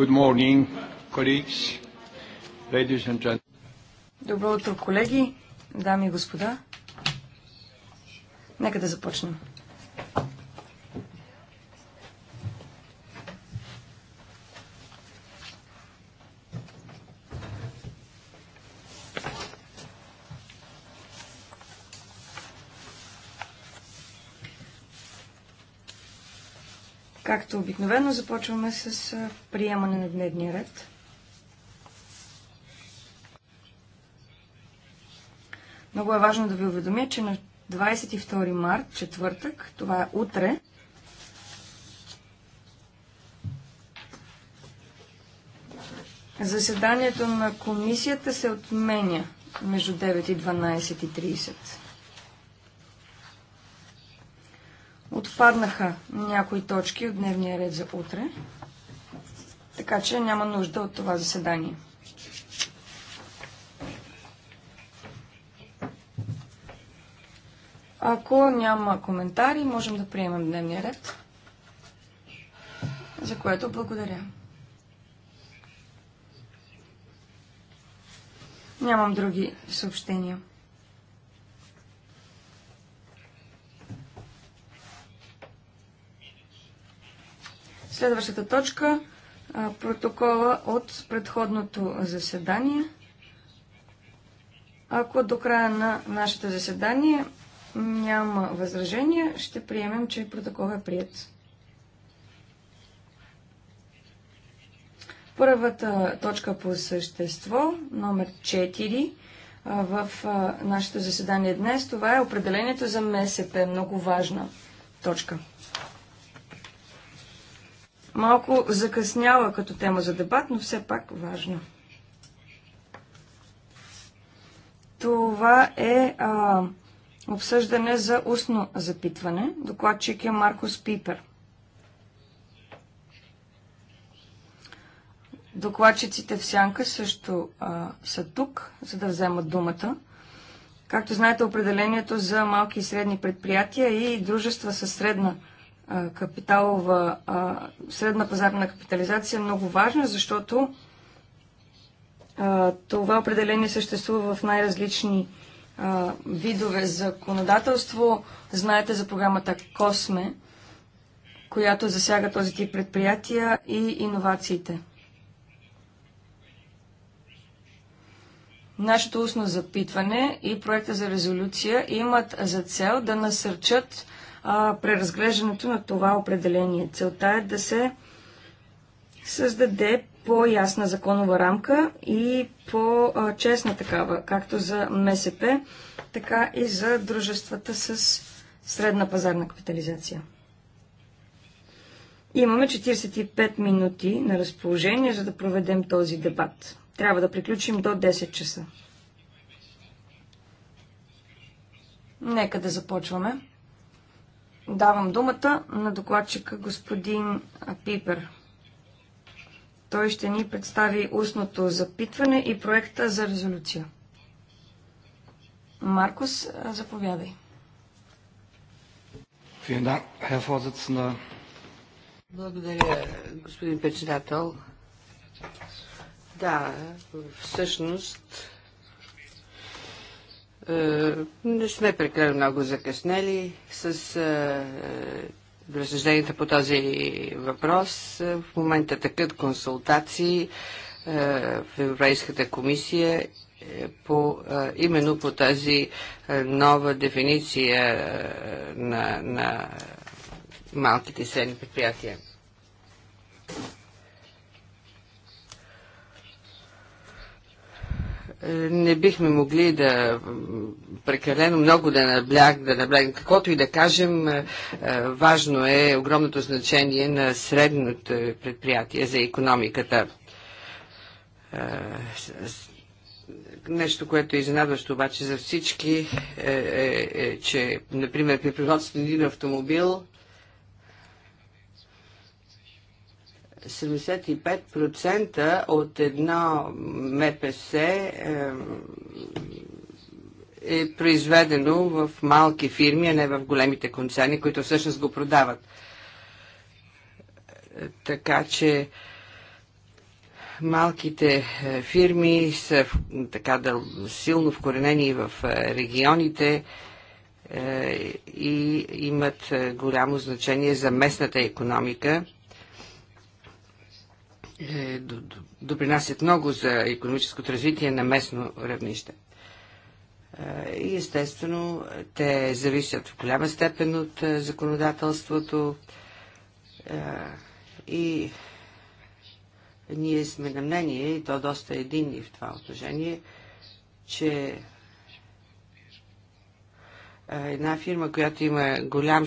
Good morning, colleagues, ladies and gentlemen. Добро утро, колеги, дами и господа. Нека да започнем. Както обикновено, започваме с приемане на дневния ред. Много е важно да ви уведомя, че на 22 март, четвъртък, това е утре, заседанието на комисията се отменя между 9 и 12.30. Отпаднаха някои точки от дневния ред за утре, така че няма нужда от това заседание. Ако няма коментари, можем да приемем дневния ред, за което благодаря. Нямам други съобщения. Следващата точка протокола от предходното заседание. Ако до края на нашето заседание няма възражения, ще приемем, че протокол е прият. Първата точка по същество, номер 4 в нашето заседание днес, това е определението за МСП. Много важна точка малко закъсняла като тема за дебат, но все пак важна. Това е а, обсъждане за устно запитване. Докладчик е Маркус Пипер. Докладчиците в Сянка също а, са тук, за да вземат думата. Както знаете, определението за малки и средни предприятия и дружества със средна капиталова, средна пазарна капитализация е много важна, защото това определение съществува в най-различни видове законодателство. Знаете за програмата Косме, която засяга този тип предприятия и иновациите. Нашето устно запитване и проекта за резолюция имат за цел да насърчат а, преразглеждането на това определение. Целта е да се създаде по-ясна законова рамка и по-честна такава, както за МСП, така и за дружествата с средна пазарна капитализация. Имаме 45 минути на разположение, за да проведем този дебат. Трябва да приключим до 10 часа. Нека да започваме. Давам думата на докладчика господин Пипер. Той ще ни представи устното запитване и проекта за резолюция. Маркус, заповядай. Благодаря, господин председател. Да, всъщност е, не сме прекалено много закъснели с е, е, разсъжденията по този въпрос. В момента такът консултации в Европейската комисия по, именно по тази нова дефиниция на, на малките и средни предприятия. Е, не бихме могли да прекалено много да набляг, да набляг, Каквото и да кажем, е, е, важно е огромното значение на средното предприятие за економиката. Нещо, което е изненадващо обаче за всички, е, е, е че, например, при производството на един автомобил, 75% от едно МПС е, е произведено в малки фирми, а не в големите концерни, които всъщност го продават. Е, така че малките е, фирми са така да силно вкоренени в е, регионите и имат голямо значение за местната економика е, допринасят много за економическото развитие на местно равнище. Е, и естествено, те зависят в голяма степен от е, законодателството е, и ние сме на мнение, и то доста единни в това отношение, че една фирма, която има голям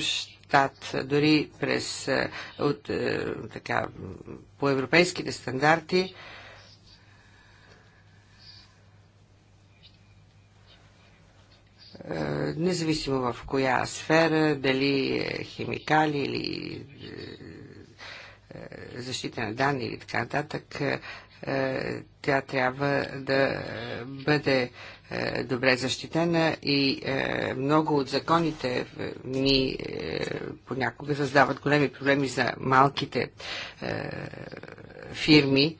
щат, дори през, е, от, е, така, по европейските стандарти. Е, независимо в коя сфера, дали химикали или защита на данни или така нататък, тя трябва да бъде е, добре защитена и е, много от законите е, ни понякога създават големи проблеми за малките фирми,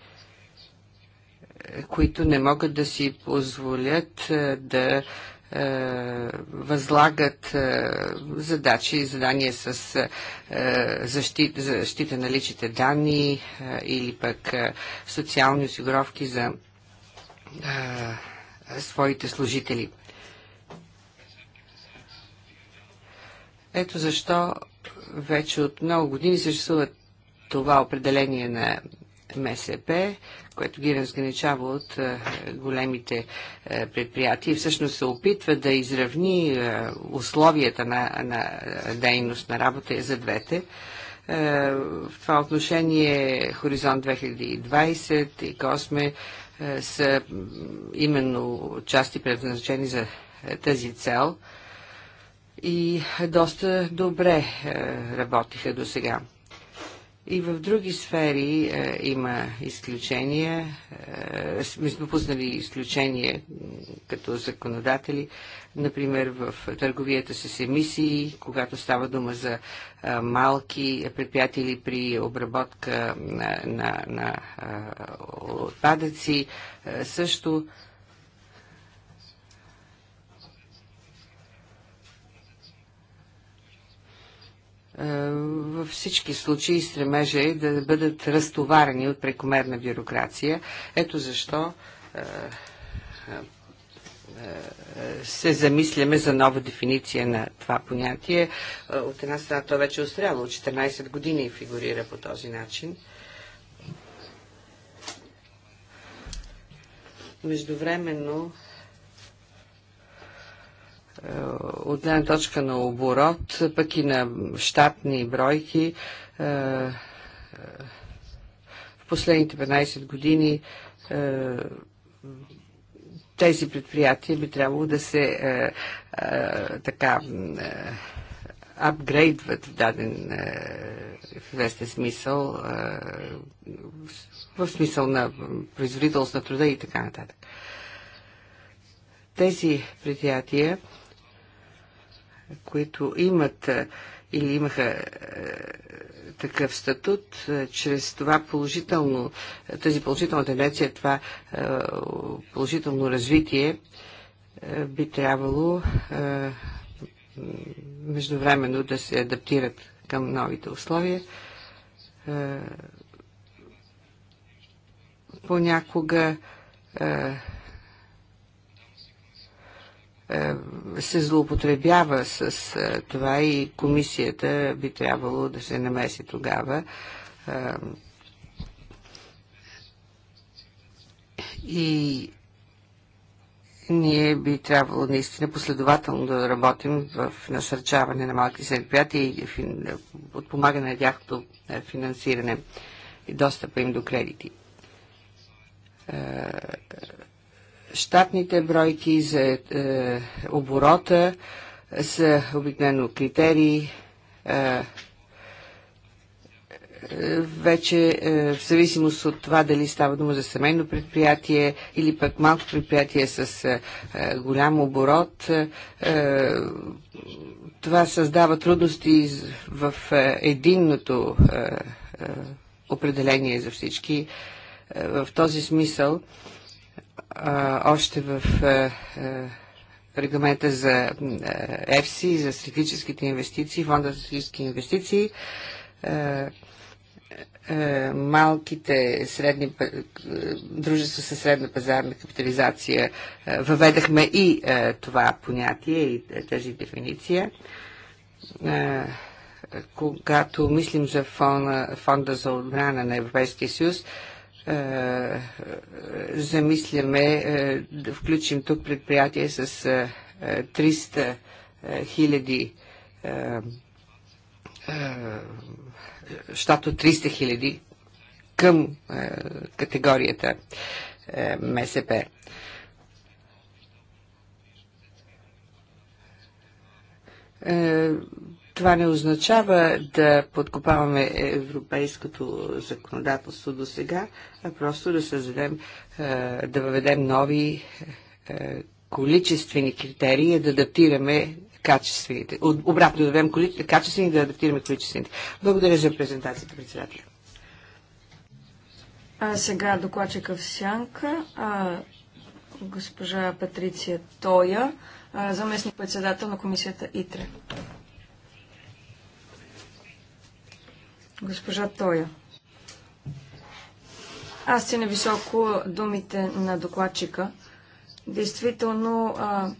които не могат да си позволят да възлагат задачи задания с защита, защита на личните данни или пък социални осигуровки за своите служители. Ето защо вече от много години съществува това определение на МСП, което ги разграничава от е, големите е, предприятия и всъщност се опитва да изравни е, условията на, на дейност, на работа за двете. В това отношение Хоризонт 2020 и Косме е, са именно части предназначени за е, тази цел и доста добре е, работиха до сега. И в други сфери е, има изключения. Е, сме допуснали изключения като законодатели например в търговията с емисии, когато става дума за малки предприятия или при обработка на, на, на отпадъци. Също във всички случаи стремежа е да бъдат разтоварени от прекомерна бюрокрация. Ето защо се замисляме за нова дефиниция на това понятие. Е, от една страна то вече е устряло, от 14 години фигурира по този начин. Междувременно е, от една точка на оборот, пък и на щатни бройки, е, в последните 15 години тези предприятия би трябвало да се е, е, така е, апгрейдват в даден е, в известен смисъл, е, в смисъл на производителност на труда и така нататък. Тези предприятия, които имат е, или имаха е, такъв статут, е, чрез това положително, е, тази положителна тенденция, това е, положително развитие, би трябвало междувременно да се адаптират към новите условия. Понякога е, се злоупотребява с е, това и комисията би трябвало да се намеси тогава. Е, и ние би трябвало наистина последователно да работим в насърчаване на малки предприятия и подпомагане на тяхното финансиране и достъпа им до кредити щатните бройки, за е, оборота са обикновено критерии. Е, вече е, в зависимост от това дали става дума за семейно предприятие или пък малко предприятие с е, е голям оборот, е, това създава трудности в е, единното е, определение за всички. В този смисъл още в регламента за ЕФСИ, за стратегическите инвестиции, фонда за стратегически инвестиции, малките средни дружества със средна пазарна капитализация въведахме и това понятие и тази дефиниция. Когато мислим за фонда, фонда за отбрана на Европейския съюз, е, замисляме е, да включим тук предприятие с 300 е, хиляди щат от 300 хиляди към категорията МСП. Това не означава да подкопаваме европейското законодателство до сега, а просто да създадем, е, да въведем нови е, количествени критерии, да адаптираме качествените. Обратно да въведем качествени качествени, да адаптираме количествените. Благодаря за презентацията, председателя. А сега докладчика в сянка, а, госпожа Патриция Тоя, заместник председател на комисията ИТРЕ. Госпожа Тоя. Аз си нависоко думите на докладчика. Действително, а,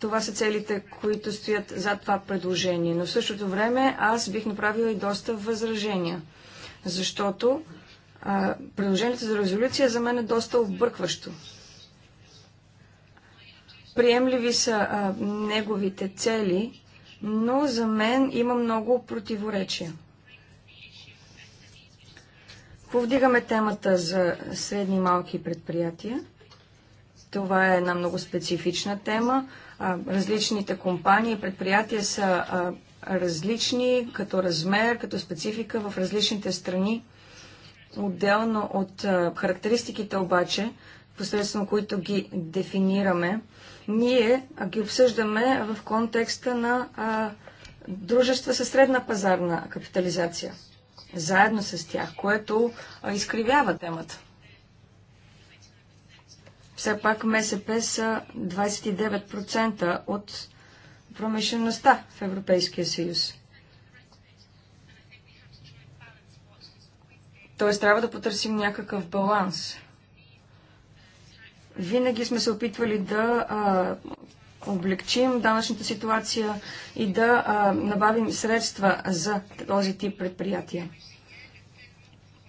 това са целите, които стоят за това предложение. Но в същото време аз бих направила и доста възражения, защото а, предложението за резолюция за мен е доста объркващо. Приемливи са а, неговите цели, но за мен има много противоречия. Повдигаме темата за средни и малки предприятия. Това е една много специфична тема. Различните компании и предприятия са различни като размер, като специфика в различните страни. Отделно от характеристиките обаче, посредством които ги дефинираме, ние ги обсъждаме в контекста на дружества със средна пазарна капитализация заедно с тях, което изкривява темата. Все пак МСП са 29% от промишлеността в Европейския съюз. Тоест трябва да потърсим някакъв баланс. Винаги сме се опитвали да а, облегчим данъчната ситуация и да а, набавим средства за този тип предприятия.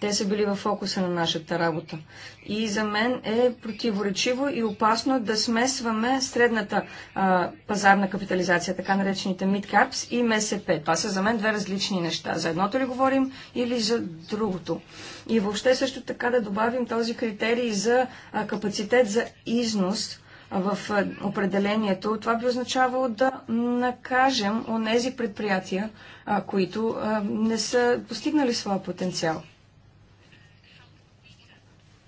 Те са били в фокуса на нашата работа. И за мен е противоречиво и опасно да смесваме средната а, пазарна капитализация, така наречените midcaps и МСП. Това са за мен две различни неща. За едното ли говорим или за другото? И въобще също така да добавим този критерий за а, капацитет за износ – в е, определението, това би означавало да накажем онези предприятия, които не са постигнали своя потенциал.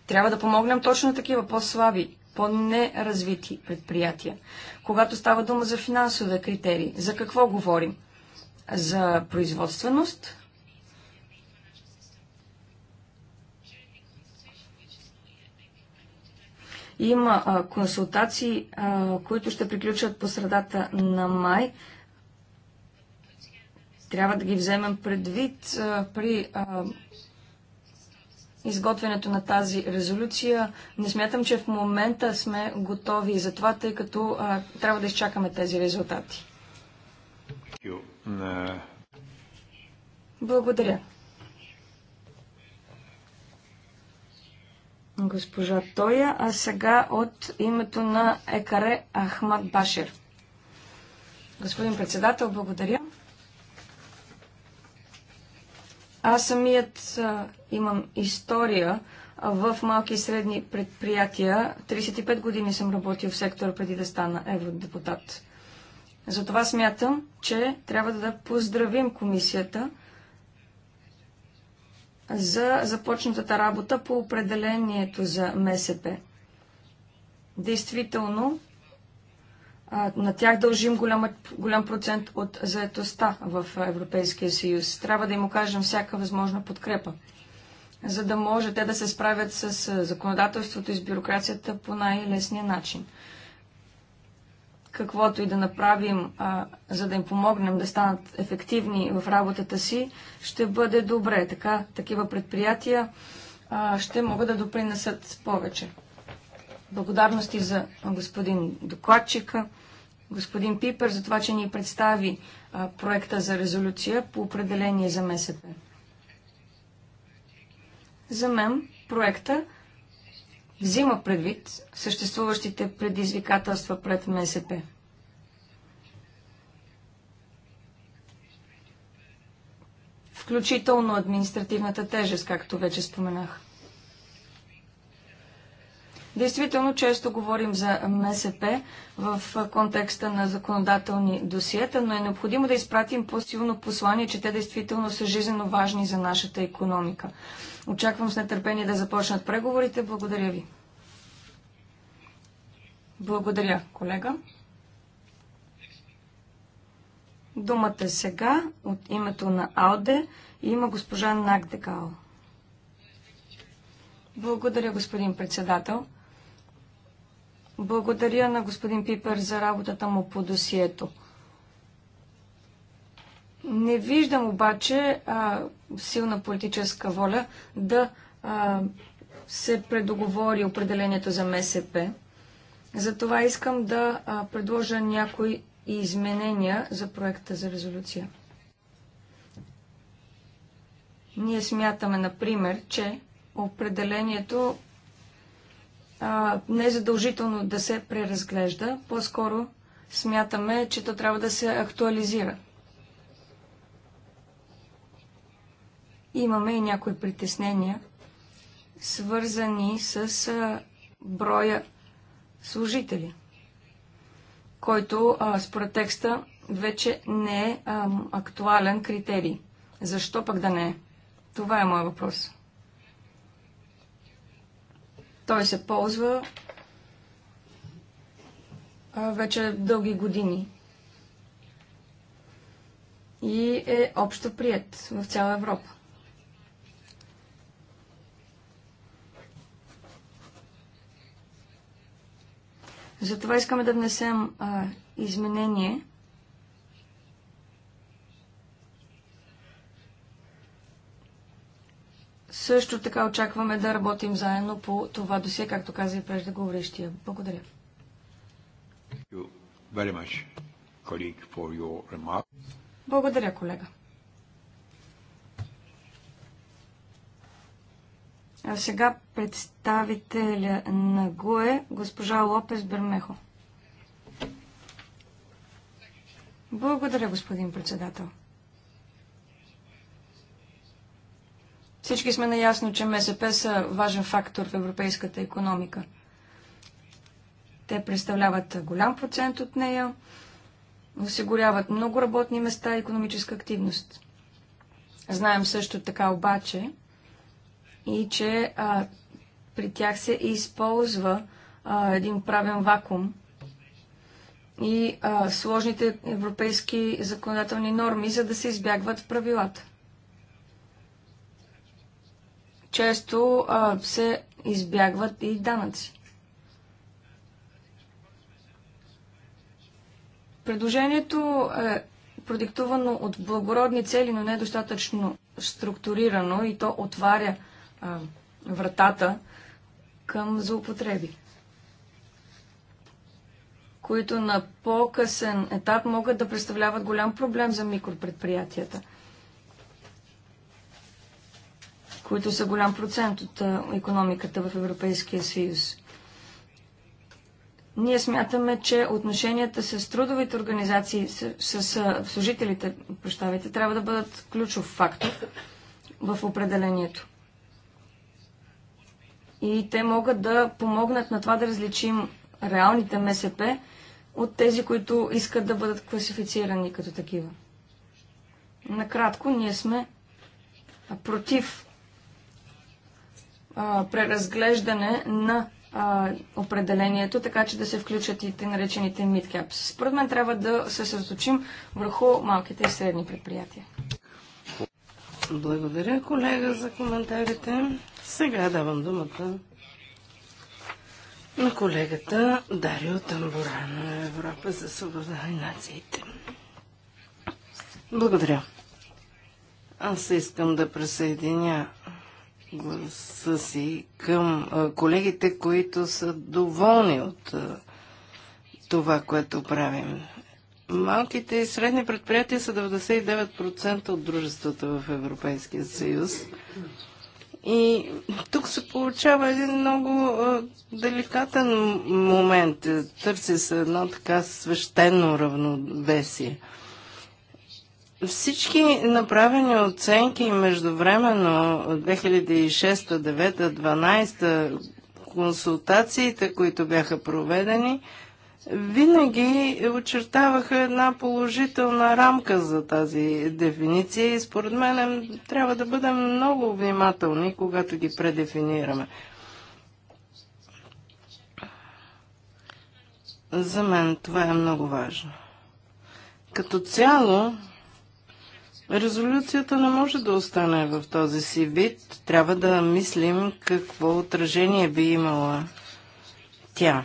Трябва да помогнем точно такива по-слаби, по-неразвити предприятия. Когато става дума за финансови критерии, за какво говорим? За производственост, Има а, консултации, а, които ще приключат по средата на май. Трябва да ги вземем предвид а, при изготвянето на тази резолюция. Не смятам, че в момента сме готови за това, тъй като а, трябва да изчакаме тези резултати. Благодаря. госпожа Тоя, а сега от името на Екаре Ахмад Башер. Господин председател, благодаря. Аз самият а, имам история в малки и средни предприятия. 35 години съм работил в сектора преди да стана евродепутат. Затова смятам, че трябва да поздравим комисията – за започнатата работа по определението за МСП. Действително, на тях дължим голям, голям процент от заетостта в Европейския съюз. Трябва да им окажем всяка възможна подкрепа, за да може те да се справят с законодателството и с бюрокрацията по най-лесния начин каквото и да направим, а, за да им помогнем да станат ефективни в работата си, ще бъде добре. Така, такива предприятия а, ще могат да допринесат повече. Благодарности за господин докладчика, господин Пипер, за това, че ни представи а, проекта за резолюция по определение за МСП. За мен проекта взима предвид съществуващите предизвикателства пред МСП. Включително административната тежест, както вече споменах. Действително, често говорим за МСП в контекста на законодателни досиета, но е необходимо да изпратим по-силно послание, че те действително са жизненно важни за нашата економика. Очаквам с нетърпение да започнат преговорите. Благодаря ви. Благодаря, колега. Думата е сега от името на Алде има госпожа Нагдегал. Благодаря, господин председател. Благодаря на господин Пипер за работата му по досието. Не виждам обаче а, силна политическа воля да а, се предоговори определението за МСП. Затова искам да а, предложа някои изменения за проекта за резолюция. Ние смятаме, например, че определението а, не е задължително да се преразглежда, по-скоро смятаме, че то трябва да се актуализира. Имаме и някои притеснения, свързани с а, броя служители, който а, според текста вече не е а, актуален критерий. Защо пък да не е? Това е моят въпрос. Той се ползва вече дълги години и е общо прият в цяла Европа. Затова искаме да внесем а, изменение, Също така очакваме да работим заедно по това досие, както каза и преждеговорещия. Благодаря. Благодаря, колега. А сега представителя на ГУЕ, госпожа Лопес Бермехо. Благодаря, господин председател. Всички сме наясно, че МСП са важен фактор в европейската економика. Те представляват голям процент от нея, осигуряват много работни места и економическа активност. Знаем също така обаче и че а, при тях се използва а, един правен вакуум и а, сложните европейски законодателни норми, за да се избягват правилата често а, се избягват и данъци. Предложението е продиктувано от благородни цели, но недостатъчно структурирано и то отваря а, вратата към злоупотреби, които на по-късен етап могат да представляват голям проблем за микропредприятията – които са голям процент от економиката в Европейския съюз. Ние смятаме, че отношенията с трудовите организации, с, с служителите, прощавайте, трябва да бъдат ключов фактор в определението. И те могат да помогнат на това да различим реалните МСП от тези, които искат да бъдат класифицирани като такива. Накратко, ние сме против а, преразглеждане на а, определението, така че да се включат и те наречените midcaps. Според мен трябва да се съсредоточим върху малките и средни предприятия. Благодаря, колега, за коментарите. Сега давам думата на колегата Дарио на Европа за свобода и нациите. Благодаря. Аз искам да присъединя гласа си към колегите, които са доволни от това, което правим. Малките и средни предприятия са 99% от дружествата в Европейския съюз. И тук се получава един много деликатен момент. Търси се едно така свещено равновесие. Всички направени оценки междувременно от 2006, 2009, 2012, консултациите, които бяха проведени, винаги очертаваха една положителна рамка за тази дефиниция и според мен трябва да бъдем много внимателни, когато ги предефинираме. За мен това е много важно. Като цяло, Резолюцията не може да остане в този си вид. Трябва да мислим какво отражение би имала тя.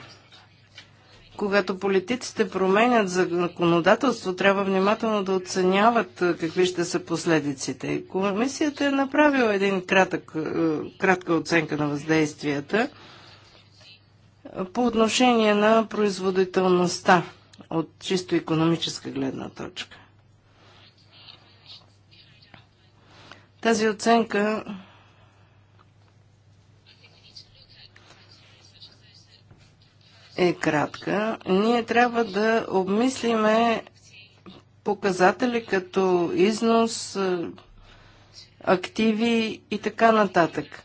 Когато политиците променят законодателство, трябва внимателно да оценяват какви ще са последиците. Комисията е направила един кратък, кратка оценка на въздействията по отношение на производителността от чисто економическа гледна точка. Тази оценка е кратка. Ние трябва да обмислиме показатели като износ, активи и така нататък.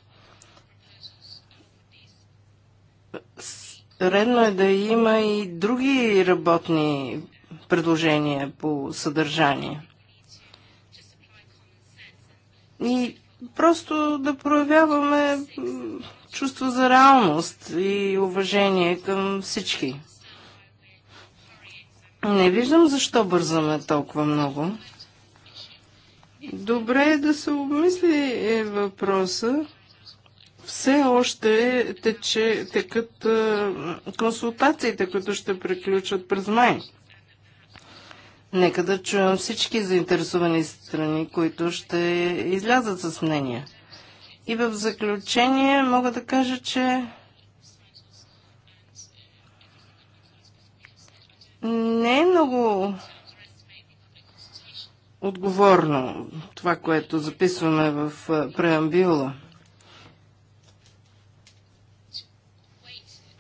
Редно е да има и други работни предложения по съдържание. И просто да проявяваме чувство за реалност и уважение към всички. Не виждам защо бързаме толкова много. Добре е да се обмисли е въпроса. Все още тече, текат консултациите, които ще приключат през май. Нека да чуем всички заинтересовани страни, които ще излязат с мнения. И в заключение мога да кажа, че не е много отговорно това, което записваме в преамбюла.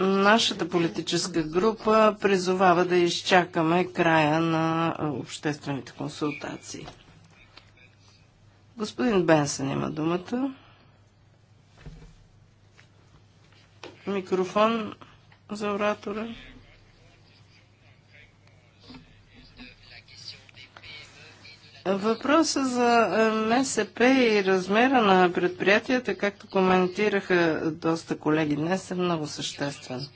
Нашата политическа група призовава да изчакаме края на обществените консултации. Господин Бенсън има думата. Микрофон за оратора. Въпроса за е, МСП и размера на предприятията, както коментираха доста колеги днес, е много съществен.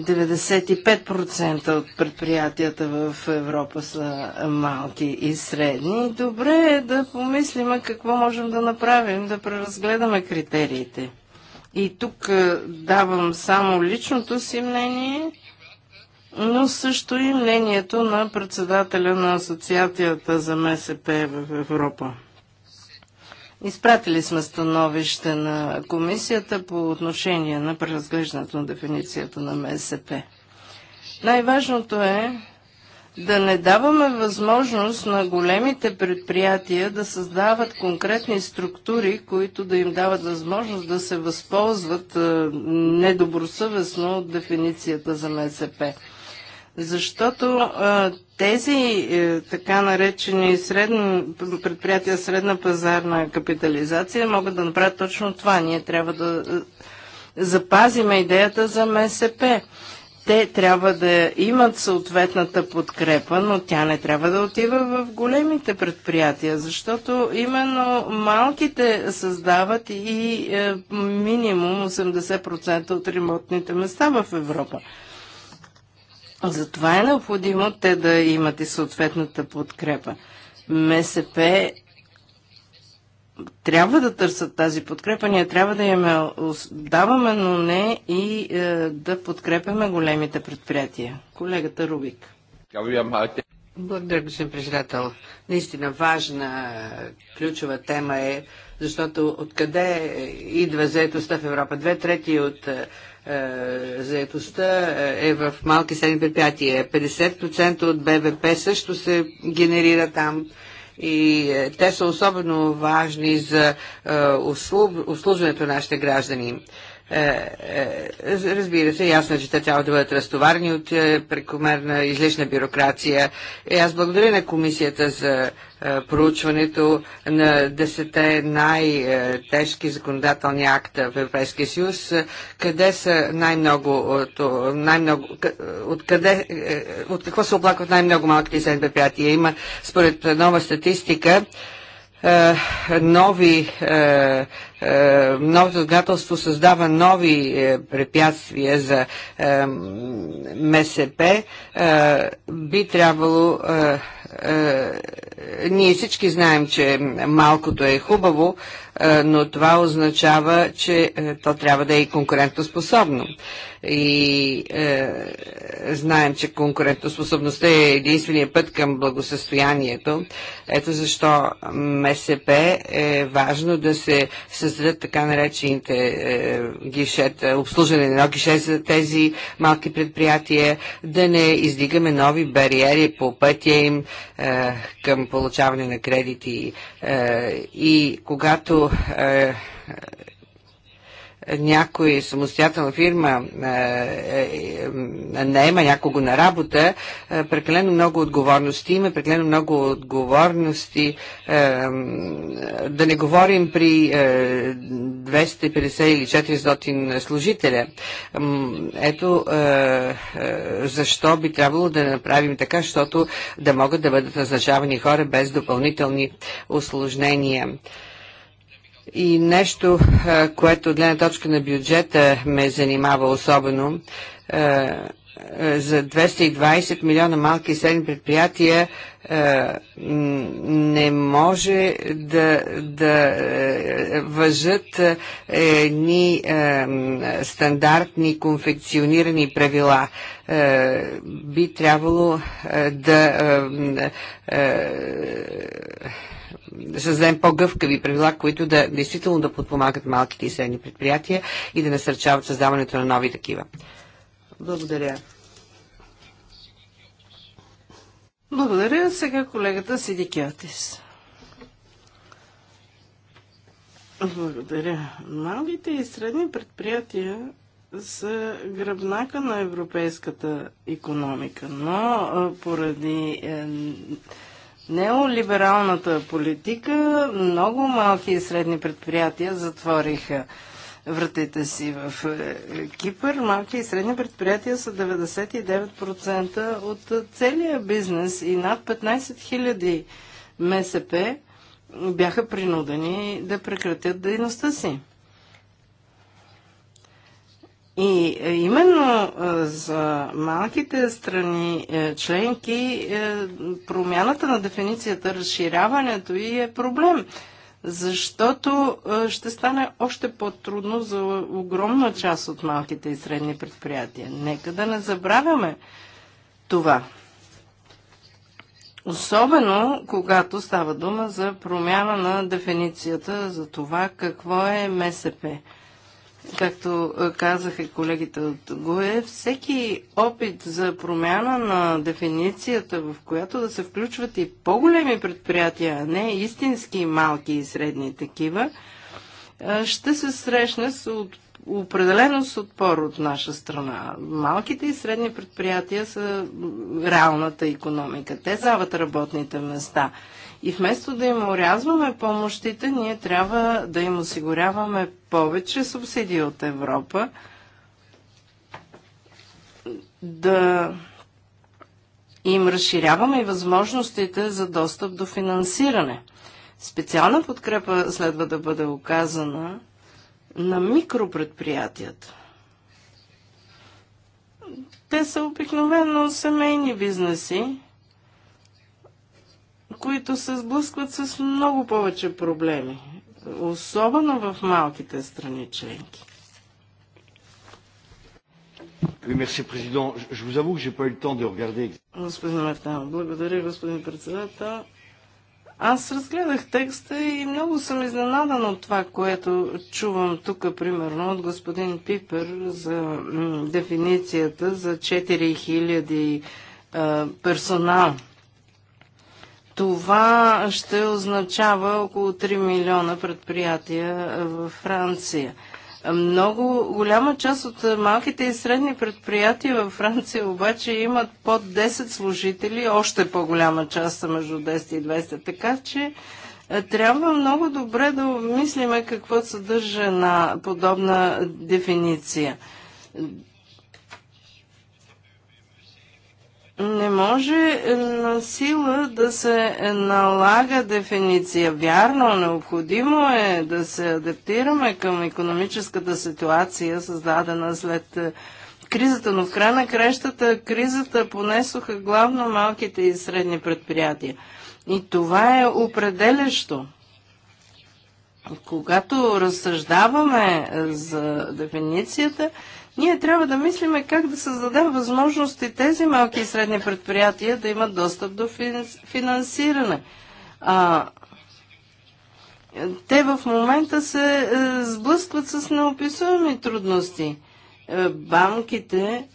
95% от предприятията в Европа са малки и средни. Добре е да помислим какво можем да направим, да преразгледаме критериите. И тук е, давам само личното си мнение но също и мнението на председателя на Асоциацията за МСП в Европа. Изпратили сме становище на комисията по отношение на преразглеждането на дефиницията на МСП. Най-важното е да не даваме възможност на големите предприятия да създават конкретни структури, които да им дават възможност да се възползват е, недобросъвестно от дефиницията за МСП защото а, тези е, така наречени средно, предприятия средна пазарна капитализация могат да направят точно това. Ние трябва да е, запазиме идеята за МСП. Те трябва да имат съответната подкрепа, но тя не трябва да отива в големите предприятия, защото именно малките създават и е, минимум 80% от ремонтните места в Европа. Затова е необходимо те да имат и съответната подкрепа. МСП трябва да търсят тази подкрепа, ние трябва да я даваме, но не и е, да подкрепяме големите предприятия. Колегата Рубик. Благодаря, господин председател. Наистина важна, ключова тема е, защото откъде идва заетостта в Европа? Две трети от е, е, заетостта е, е в малки седми предприятия. 50% от БВП също се генерира там и е, те са особено важни за услужването на нашите граждани. Е, е, разбира се, ясно, е, че те трябва да бъдат разтоварни от прекомерна излишна бюрокрация. И аз благодаря на комисията за проучването на десете най-тежки законодателни акта в Европейския съюз, къде са най-много, от, най-много от, къде, от какво се облакват най-много малките и средни предприятия. Има, според нова статистика, е, нови, е, е, новото законодателство създава нови препятствия за МСП, би трябвало ние всички знаем, че малкото е хубаво, е, но това означава, че е, то трябва да е и конкурентоспособно. И е, знаем, че конкурентоспособността е единствения път към благосъстоянието. Ето защо МСП е важно да се създадат така наречените е, гишета, обслужване на гише за тези малки предприятия, да не издигаме нови бариери по пътя им е, към получаване на кредити. Е, и когато е, някой самостоятелна фирма е, е, е, наема някого на работа, е, прекалено много отговорности има, прекалено много отговорности. Е, да не говорим при е, 250 или 400 служителя. Ето е, е, защо би трябвало да направим така, защото да могат да бъдат назначавани хора без допълнителни осложнения. И нещо, което от гледна точка на бюджета ме занимава особено, за 220 милиона малки и средни предприятия не може да, да въжат ни стандартни конфекционирани правила. Би трябвало да да създадем по-гъвкави правила, които да действително да подпомагат малките и средни предприятия и да насърчават създаването на нови такива. Благодаря. Благодаря. Сега колегата Сиди Сидикиотис. Благодаря. Малките и средни предприятия са гръбнака на европейската економика, но поради е, неолибералната политика много малки и средни предприятия затвориха вратите си в е, Кипър. Малки и средни предприятия са 99% от целия бизнес и над 15 000 МСП бяха принудени да прекратят дейността си. И е, именно е, за малките страни е, членки промяната на дефиницията, разширяването и е проблем, защото ще стане още по-трудно за огромна част от малките и средни предприятия. Нека да не забравяме това. Особено когато става дума за промяна на дефиницията за това какво е МСП. Както казаха колегите от ГОЕ, всеки опит за промяна на дефиницията, в която да се включват и по-големи предприятия, а не истински малки и средни такива, ще се срещне с от, определено с отпор от наша страна. Малките и средни предприятия са реалната економика. Те зават работните места. И вместо да им урязваме помощите, ние трябва да им осигуряваме повече субсидии от Европа, да им разширяваме и възможностите за достъп до финансиране. Специална подкрепа следва да бъде оказана на микропредприятията. Те са обикновено семейни бизнеси, които се сблъскват с много повече проблеми, особено в малките страни членки. Oui, merci, Président. Je vous avoue que j'ai pas eu le temps de regarder. Господин Мартан, благодаря, господин председател. Аз разгледах текста и много съм изненадан от това, което чувам тук, примерно, от господин Пипер за дефиницията за 4000 а, персонал. Това ще означава около 3 милиона предприятия е, във Франция. Много голяма част от е, малките и средни предприятия във Франция обаче имат под 10 служители, още по-голяма част са между 10 и 20. Така че е, трябва много добре да мислиме какво съдържа на подобна дефиниция. Не може е, на сила да се налага дефиниция. Вярно, необходимо е да се адаптираме към економическата ситуация, създадена след е, кризата, но в края на крещата кризата понесоха главно малките и средни предприятия. И това е определящо. Когато разсъждаваме е, за дефиницията, ние трябва да мислиме как да създадем възможности тези малки и средни предприятия да имат достъп до финансиране. А, те в момента се е, сблъскват с неописуеми трудности. Е, банките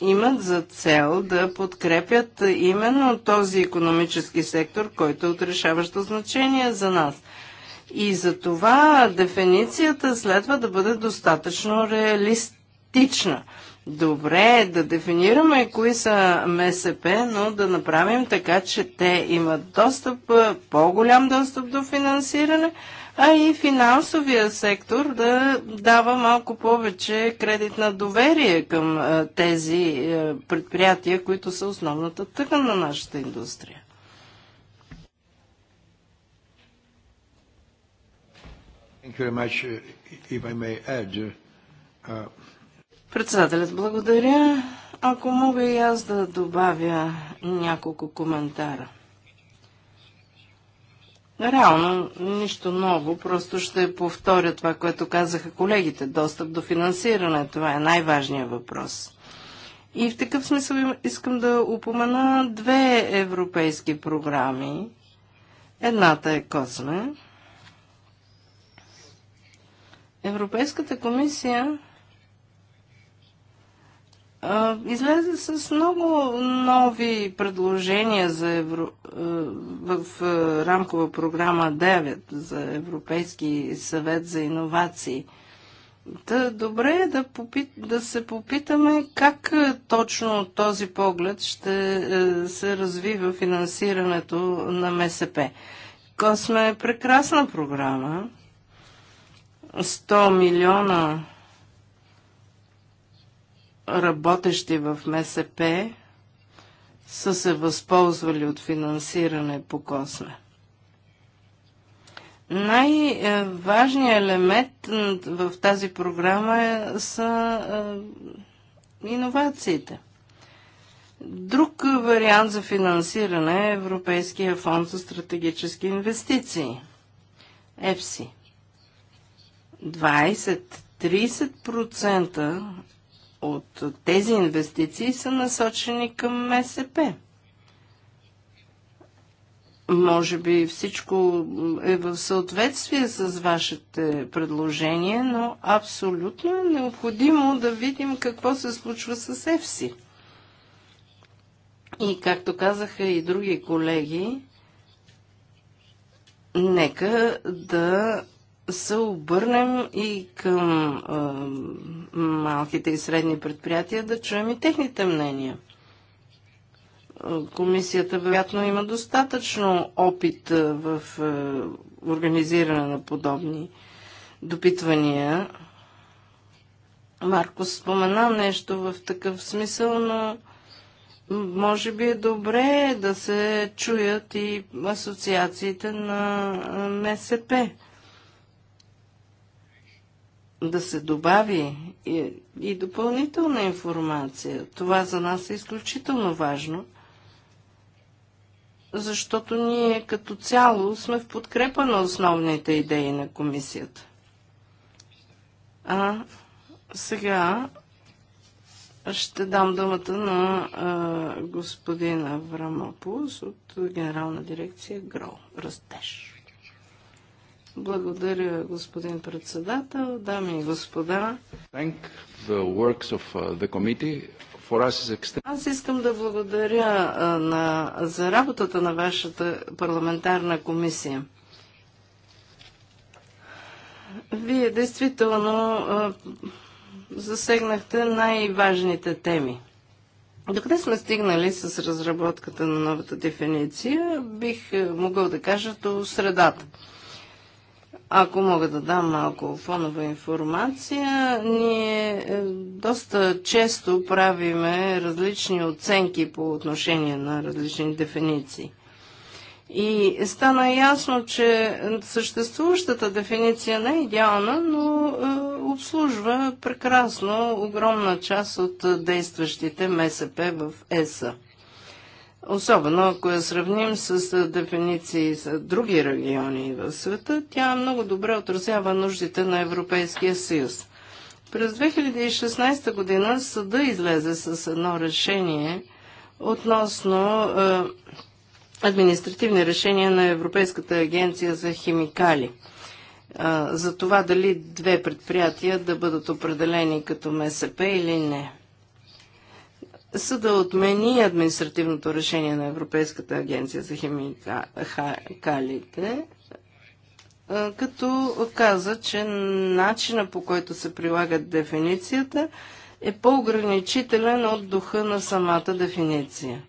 имат за цел да подкрепят именно този економически сектор, който е от решаващо значение за нас. И за това дефиницията следва да бъде достатъчно реалист, прагматична. Добре е да дефинираме кои са МСП, но да направим така, че те имат достъп, по-голям достъп до финансиране, а и финансовия сектор да дава малко повече кредит на доверие към тези предприятия, които са основната тъкан на нашата индустрия. Thank you very much. Uh, if I may add, uh, Председателят, благодаря. Ако мога и аз да добавя няколко коментара. Реално, нищо ново, просто ще повторя това, което казаха колегите. Достъп до финансиране, това е най-важният въпрос. И в такъв смисъл искам да упомена две европейски програми. Едната е Косме. Европейската комисия излезе с много нови предложения за евро... в рамкова програма 9 за Европейски съвет за иновации. Та, добре е да, попит... да се попитаме как точно този поглед ще се развива финансирането на МСП. Косме е прекрасна програма. 100 милиона работещи в МСП са се възползвали от финансиране по Косме. Най-важният елемент в тази програма е, са е, иновациите. Друг вариант за финансиране е Европейския фонд за стратегически инвестиции. ЕФСИ. 20-30% от тези инвестиции са насочени към МСП. Може би всичко е в съответствие с вашите предложения, но абсолютно е необходимо да видим какво се случва с ЕФСИ. И както казаха и други колеги, нека да се обърнем и към а, малките и средни предприятия да чуем и техните мнения. Комисията вероятно има достатъчно опит в организиране на подобни допитвания. Марко спомена нещо в такъв смисъл, но може би е добре да се чуят и асоциациите на МСП да се добави и, и допълнителна информация. Това за нас е изключително важно, защото ние като цяло сме в подкрепа на основните идеи на комисията. А сега ще дам думата на а, господин Аврамопус от Генерална дирекция ГРО. Растеж. Благодаря, господин председател, дами и господа. Аз искам да благодаря на, за работата на вашата парламентарна комисия. Вие действително засегнахте най-важните теми. Докъде сме стигнали с разработката на новата дефиниция, бих е, могъл да кажа до средата. Ако мога да дам малко фонова информация, ние е, доста често правиме различни оценки по отношение на различни дефиниции. И стана ясно, че съществуващата дефиниция не е идеална, но е, обслужва прекрасно огромна част от е, действащите МСП в ЕСА. Особено ако я сравним с дефиниции за други региони в света, тя много добре отразява нуждите на Европейския съюз. През 2016 година съда излезе с едно решение относно е, административни решения на Европейската агенция за химикали. Е, за това дали две предприятия да бъдат определени като МСП или не съда отмени административното решение на Европейската агенция за химикалите, като каза, че начина по който се прилага дефиницията е по-ограничителен от духа на самата дефиниция.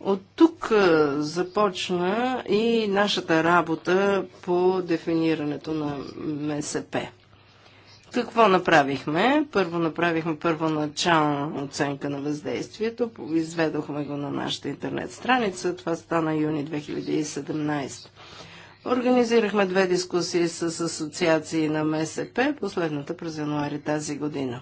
От тук започна и нашата работа по дефинирането на МСП. Какво направихме? Първо направихме първоначална оценка на въздействието. Изведохме го на нашата интернет страница. Това стана юни 2017. Организирахме две дискусии с асоциации на МСП, последната през януари тази година.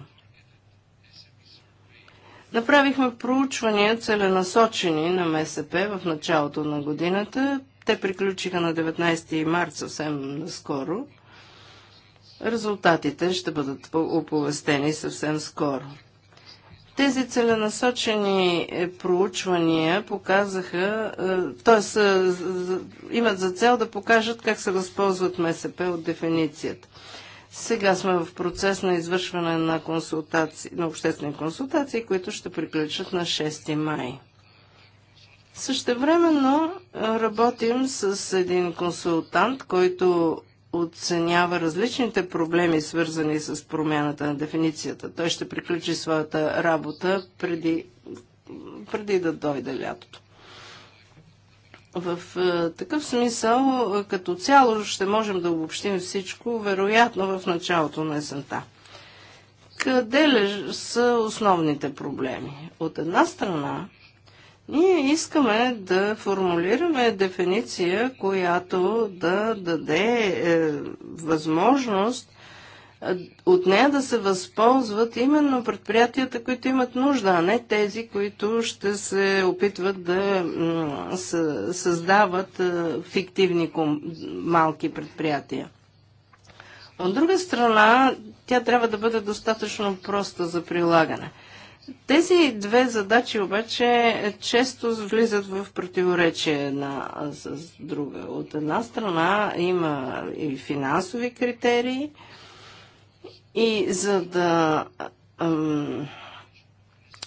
Направихме проучвания целенасочени на МСП в началото на годината. Те приключиха на 19 март съвсем наскоро. Резултатите ще бъдат оповестени съвсем скоро. Тези целенасочени е, проучвания показаха, т.е. Е, имат за цел да покажат как се възползват МСП от дефиницията. Сега сме в процес на извършване на, консултации, на обществени консултации, които ще приключат на 6 май. Същевременно е, работим с един консултант, който оценява различните проблеми, свързани с промяната на дефиницията. Той ще приключи своята работа преди, преди да дойде лятото. В е, такъв смисъл, е, като цяло, ще можем да обобщим всичко, вероятно в началото на есента. Къде са основните проблеми? От една страна, ние искаме да формулираме дефиниция, която да даде е, възможност е, от нея да се възползват именно предприятията, които имат нужда, а не тези, които ще се опитват да създават е, фиктивни малки предприятия. От друга страна, тя трябва да бъде достатъчно проста за прилагане – тези две задачи обаче често влизат в противоречие една с друга. От една страна има и финансови критерии и за да ам,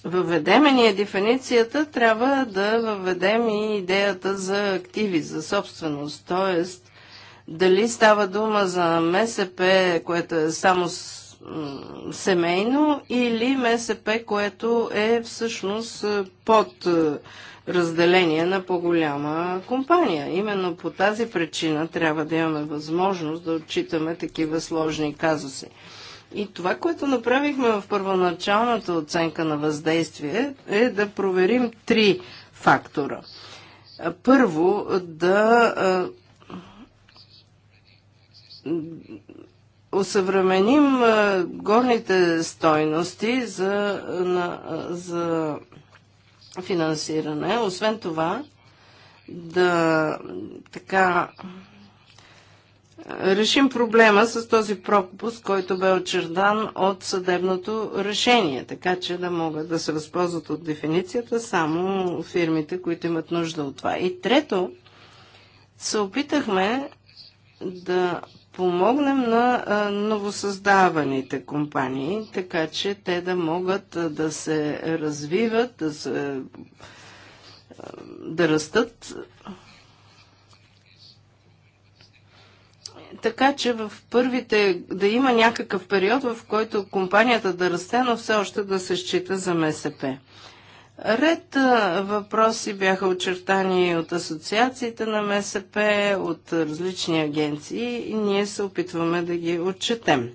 въведеме ние дефиницията, трябва да въведем и идеята за активи, за собственост. Тоест, дали става дума за МСП, което е само с семейно или МСП, което е всъщност е, под е, разделение на по-голяма компания. Именно по тази причина трябва да имаме възможност да отчитаме такива сложни казуси. И това, което направихме в първоначалната оценка на въздействие, е да проверим три фактора. Първо, да е, Осъвременим горните стойности за, на, за финансиране. Освен това, да така решим проблема с този пропуск, който бе очердан от съдебното решение, така че да могат да се възползват от дефиницията само фирмите, които имат нужда от това. И трето, се опитахме да помогнем на новосъздаваните компании, така че те да могат да се развиват, да, се, да растат. Така че в първите да има някакъв период, в който компанията да расте, но все още да се счита за МСП. Ред въпроси бяха очертани от асоциациите на МСП, от различни агенции и ние се опитваме да ги отчетем.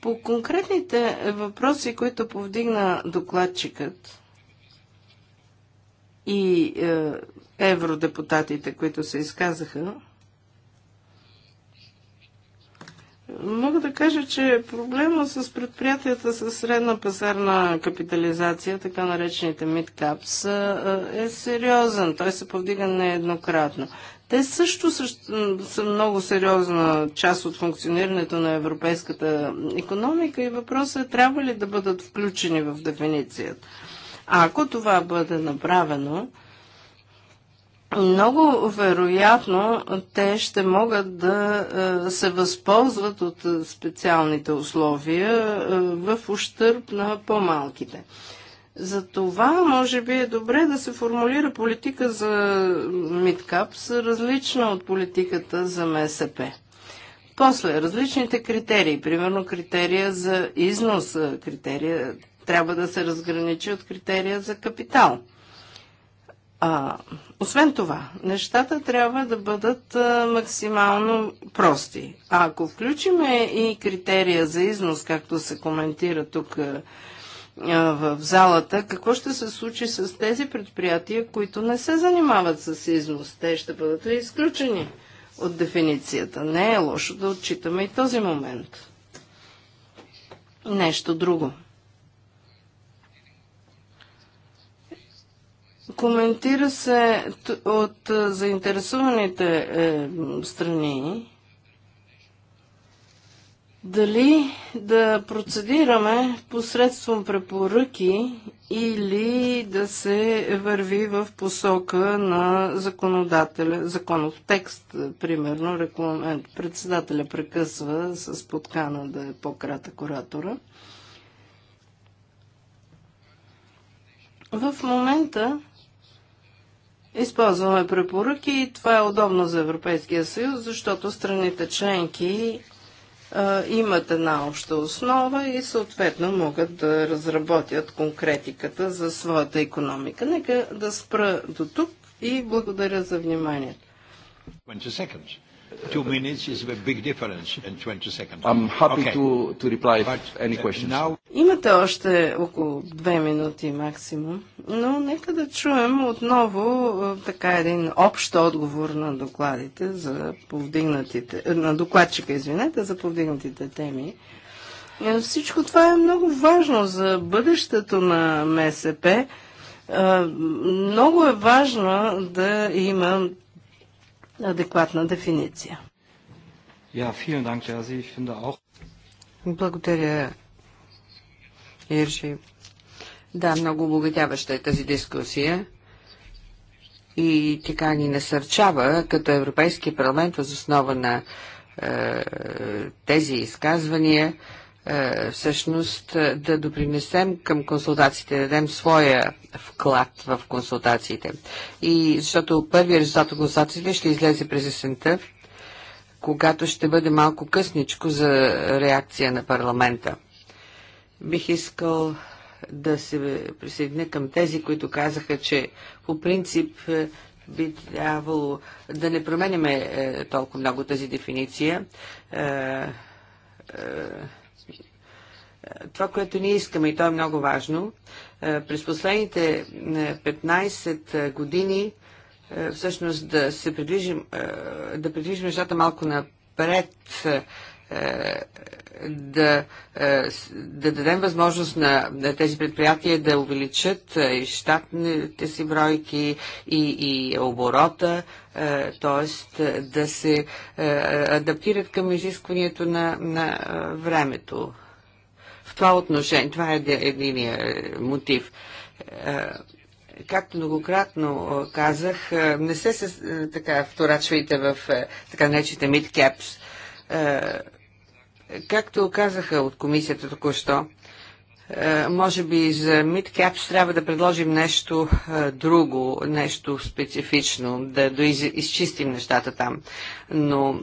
По конкретните въпроси, които повдигна докладчикът и е, евродепутатите, които се изказаха, Мога да кажа, че проблема с предприятията с средна пазарна капитализация, така наречените midcaps, е сериозен. Той се повдига нееднократно. Те също са много сериозна част от функционирането на европейската економика и въпросът е трябва ли да бъдат включени в дефиницията. А ако това бъде направено, много вероятно те ще могат да е, се възползват от е, специалните условия е, в ущърп на по-малките. За това, може би, е добре да се формулира политика за мидкапс, различна от политиката за МСП. После, различните критерии, примерно критерия за износ, критерия трябва да се разграничи от критерия за капитал – а, освен това, нещата трябва да бъдат а, максимално прости. А ако включиме и критерия за износ, както се коментира тук а, в залата, какво ще се случи с тези предприятия, които не се занимават с износ? Те ще бъдат ли изключени от дефиницията? Не е лошо да отчитаме и този момент. Нещо друго – коментира се от заинтересуваните е, страни дали да процедираме посредством препоръки или да се върви в посока на законодателя, законов текст, примерно, рекламент. Председателя прекъсва с подкана да е по-кратък оратора. В момента Използваме препоръки и това е удобно за Европейския съюз, защото страните членки а, имат една обща основа и съответно могат да разработят конкретиката за своята економика. Нека да спра до тук и благодаря за вниманието. Two minutes is a big difference in 20 seconds. I'm happy okay. to, to reply But, any uh, questions. Now... Имате още около две минути максимум, но нека да чуем отново е, така един общ отговор на докладите за повдигнатите, е, на докладчика, извинете, за повдигнатите теми. Е, всичко това е много важно за бъдещето на МСП. Много е важно да има адекватна дефиниция. Ja, vielen Dank, Jerzy. Ich finde auch... Благодаря, Ирши. Да, много обогатяваща е тази дискусия и така ни насърчава като Европейски парламент въз основа на е, тези изказвания е, всъщност е, да допринесем към консултациите, да дадем своя вклад в консултациите. И защото първият резултат от консултациите ще излезе през есента, когато ще бъде малко късничко за реакция на парламента. Бих искал да се присъединя към тези, които казаха, че по принцип е, би трябвало да не променяме толкова много тази дефиниция това, което ние искаме, и то е много важно, е, през последните 15 е, е, години всъщност да се придвижим, да придвижим нещата малко напред, да, да дадем възможност на, на тези предприятия да увеличат и щатните си бройки и, и оборота, т.е. да се адаптират към изискването на, на времето това отношение. Това е единия е, мотив е, както многократно е, казах, не се със, така вторачвайте в така наречените midcaps. Както казаха от комисията току-що, може би за midcaps трябва да предложим нещо друго, нещо специфично, да изчистим нещата там. Но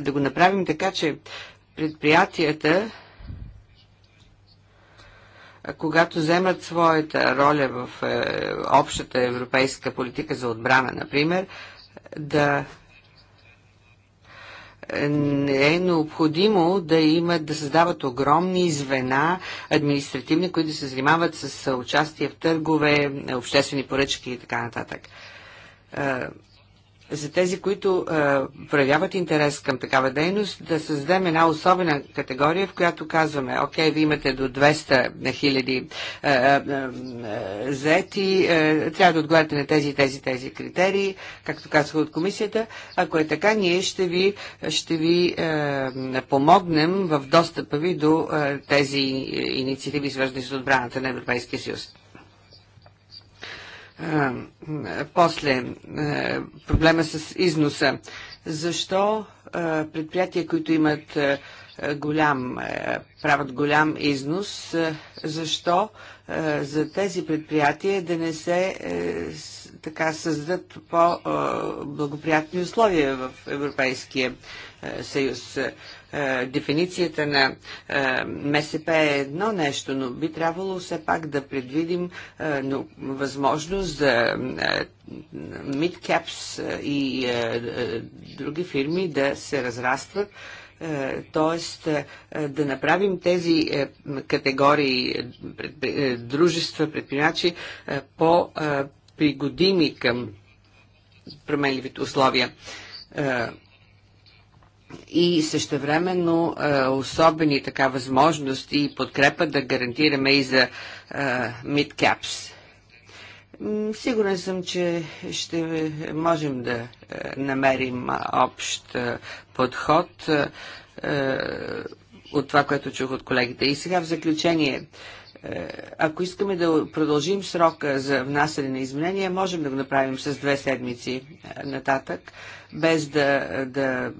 да го направим така, че предприятията когато вземат своята роля в е, общата европейска политика за отбрана, например, да не е необходимо да имат, да създават огромни звена административни, които се занимават с е, участие в търгове, обществени поръчки и така нататък. Е, за тези, които а, е, проявяват интерес към такава дейност, да създадем една особена категория, в която казваме, окей, вие имате до 200 хиляди е, е, заети, трябва да отговаряте на тези, тези, тези критерии, както казах от комисията. Ако е така, ние ще ви, ще ви а, помогнем в достъпа ви до а, тези инициативи, свързани с отбраната на Европейския съюз после проблема с износа. Защо предприятия, които имат голям, правят голям износ, защо за тези предприятия да не се така създадат по-благоприятни условия в Европейския съюз. Е, дефиницията на е, МСП е едно нещо, но би трябвало все пак да предвидим е, възможност за midcaps и други фирми да се разрастват т.е. да направим тези категории дружества, предприемачи по-пригодими към променливите условия и същевременно а, е, особени така възможности и подкрепа да гарантираме и за е, мидкапс. Сигурен съм, че ще можем да е, намерим общ подход от това, което чух от колегите. И сега в заключение е, ако искаме да продължим срока за внасяне на изменения, можем да го направим с две седмици е, нататък, без да, да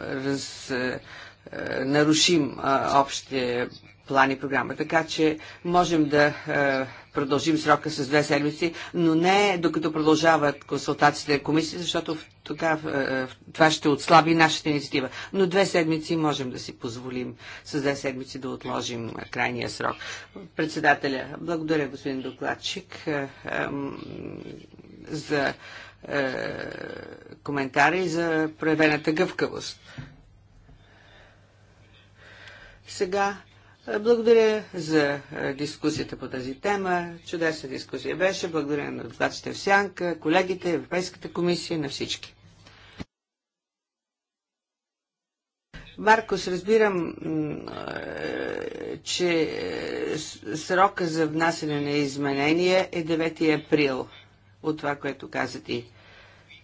раз, е, нарушим общия план и програма. Така че можем да е, продължим срока с две седмици, но не докато продължават консултациите на комисията, защото тогава е, е това ще отслаби нашата инициатива. Но две седмици можем да си позволим с две седмици да отложим крайния срок. Председателя, благодаря господин докладчик е, е, за е, коментари и за проявената гъвкавост. Сега благодаря за дискусията по тази тема. Чудесна дискусия беше. Благодаря на двадците в Сянка, колегите, Европейската комисия, на всички. Маркос, разбирам, че е, срока за внасяне на изменения е 9 април. От това, което каза ти.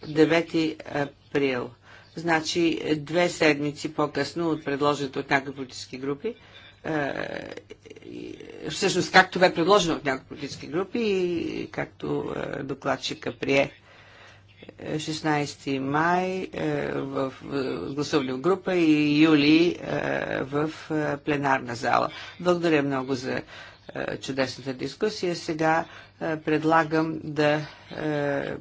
9 април. Значи две седмици по-късно от предложението от някои политически групи. Е, всъщност както бе предложено от някои политически групи и както е, докладчика прие 16 е, май в гласували в група и юли в пленарна зала. Благодаря много за чудесната дискусия. Сега е, предлагам да е,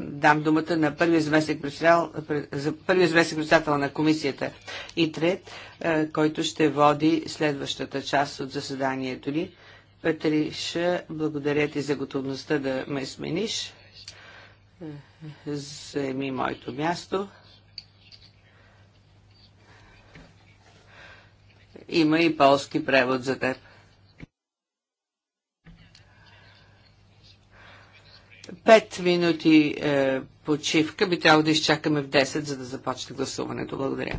дам думата на първия заместник председател, на комисията ИТРЕД, е, който ще води следващата част от заседанието ни. Петриша, благодаря ти за готовността да ме смениш. Е, заеми моето място. Има и полски превод за теб. Пет минути е, почивка би трябвало да изчакаме в 10, за да започне гласуването. Благодаря.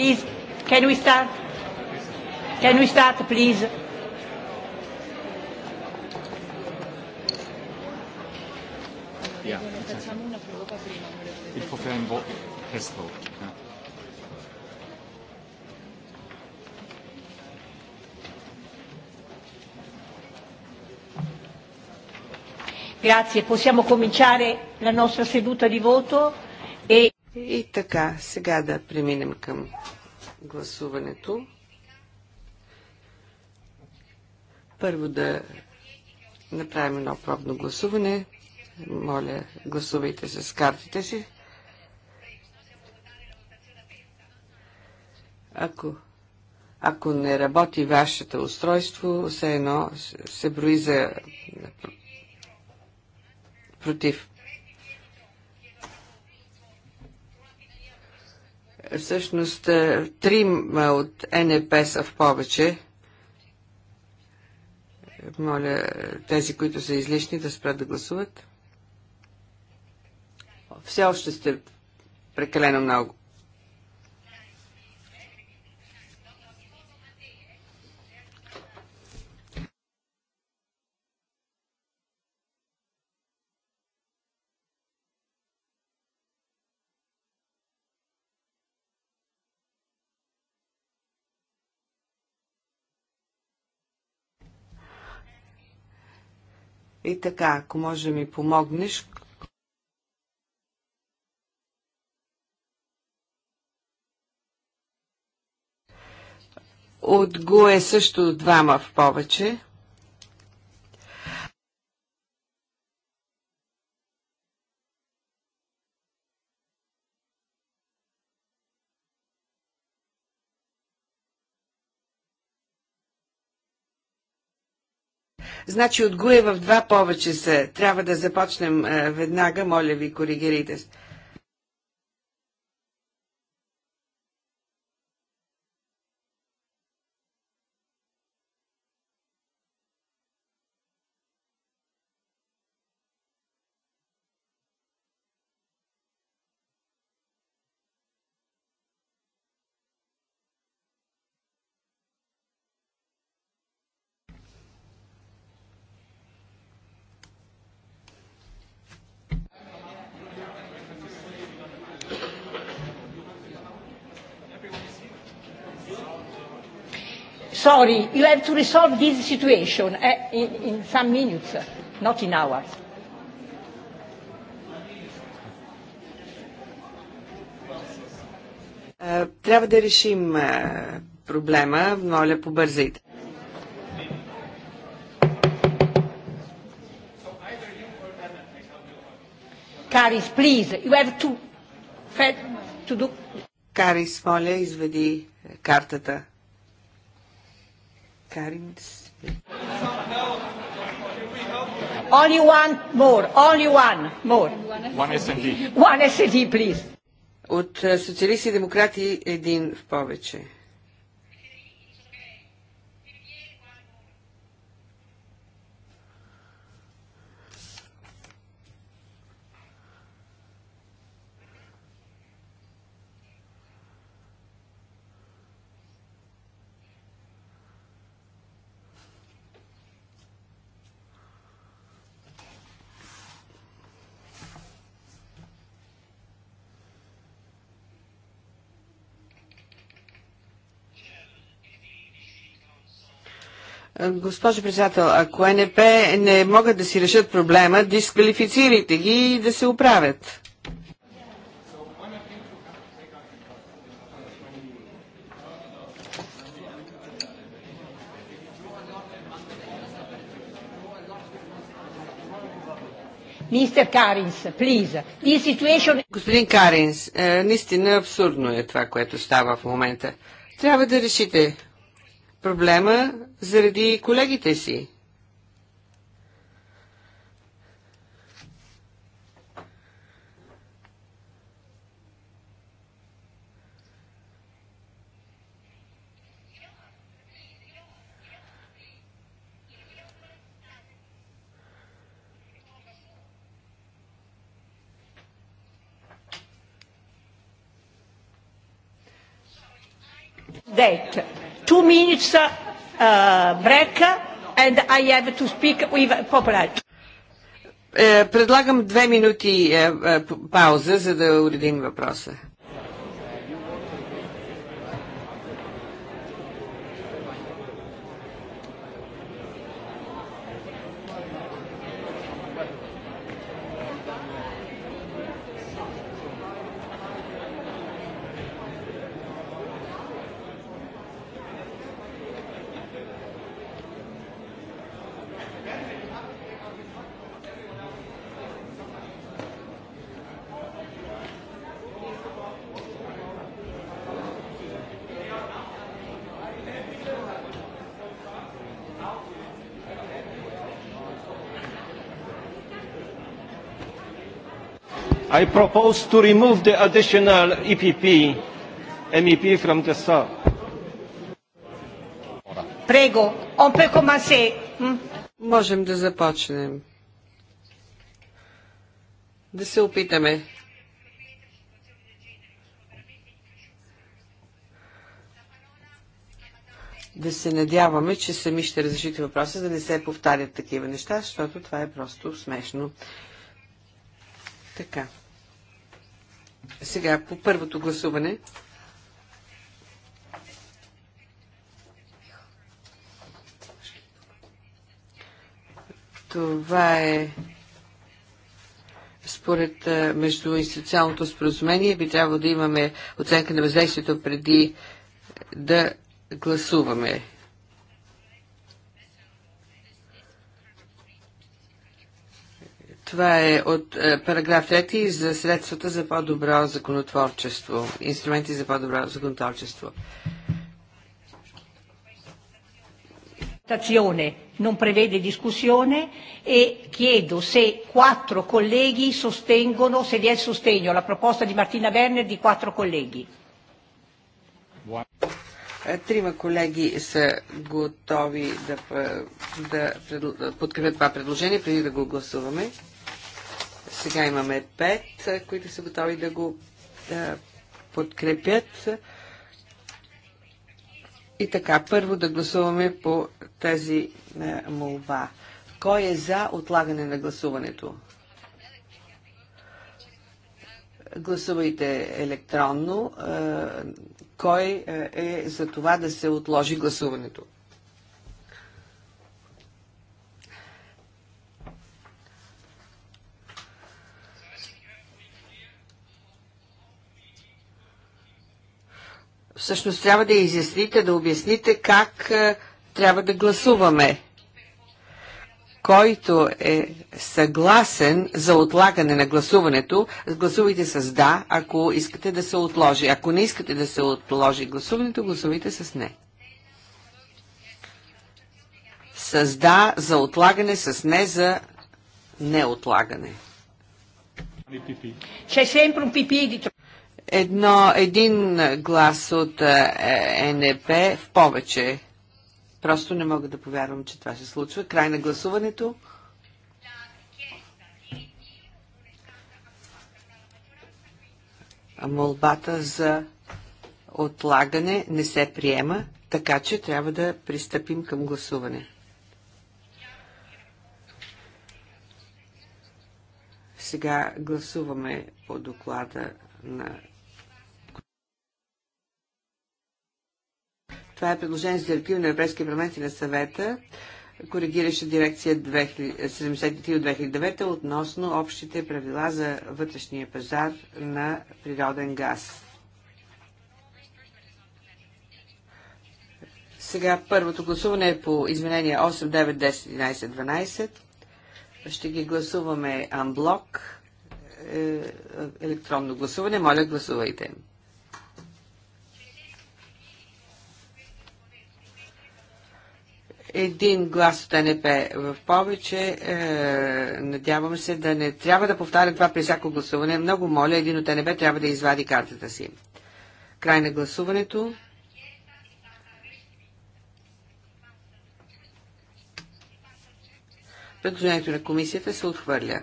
Please, can we start? Can we start, please? Grazie, possiamo cominciare la nostra seduta di voto? И така, сега да преминем към гласуването. Първо да направим едно пробно гласуване. Моля, гласувайте с картите си. Ако, ако не работи вашето устройство, все едно се брои за против. Всъщност, е, трима е, от НП са в повече. Моля тези, които са излишни, да спрат да гласуват. Все още сте прекалено много. И така, ако може да ми помогнеш, От е също двама в повече. Значи от Гуева в два повече са. Трябва да започнем веднага. Моля ви, коригирайте. sorry, you have to resolve this situation uh, in, in some minutes, not in hours. Трябва да решим проблема. Моля, побързайте. Карис, please, you have to, to do... Карис, моля, изведи картата. Карин Only one more, only one more. One SD. One SD, please. От е, социалисти и демократи един в повече. Госпожо председател, ако НП не могат да си решат проблема, дисквалифицирайте ги и да се оправят. Мистер Каринс, Господин Каринс, е, наистина абсурдно е това, което става в момента. Трябва да решите проблема заради колегите си. minutes uh, break and I have to speak with Popolaj. Е, предлагам две минути е, е, пауза, за да уредим въпроса. I propose to remove the additional EPP MEP from the sub. Prego, on peut commencer. Hmm? Можем да започнем. Да се опитаме. Да се надяваме, че сами ще разрешите въпроса, за да не се повтарят такива неща, защото това е просто смешно. Така. Сега по първото гласуване. Това е според междуинституционалното споразумение би трябвало да имаме оценка на въздействието преди да гласуваме Това е от е, параграф 3 за средствата за по-добро законотворчество, инструменти за по-добро законотворчество. Non prevede discussione e chiedo se quattro colleghi sostengono, se vi è il sostegno alla proposta di Martina Werner di quattro colleghi. Е, трима колеги са готови да, да, да подкрепят това предложение, преди да го гласуваме. Сега имаме пет, които са готови да го да подкрепят. И така, първо да гласуваме по тази е, молба. Кой е за отлагане на гласуването? Гласувайте електронно. Е, кой е, е за това да се отложи гласуването? всъщност трябва да изясните, да обясните как е, трябва да гласуваме. Който е съгласен за отлагане на гласуването, гласувайте с да, ако искате да се отложи. Ако не искате да се отложи гласуването, гласувайте с не. С да за отлагане, с не за неотлагане. C'è sempre un pipì di едно, един глас от е, е НП в повече. Просто не мога да повярвам, че това се случва. Край на гласуването. Молбата за отлагане не се приема, така че трябва да пристъпим към гласуване. Сега гласуваме по доклада на Това е предложение за директива на Европейския парламент и на съвета, коригираща дирекция 73 от 2009 относно общите правила за вътрешния пазар на природен газ. Сега първото гласуване е по изменения 8, 9, 10, 11, 12. Ще ги гласуваме анблок. Е, електронно гласуване. Моля, гласувайте. един глас от НП в повече. Е, надявам се да не трябва да повтаря това при всяко гласуване. Много моля, един от НП трябва да извади картата си. Край на гласуването. Предложението на комисията се отхвърля.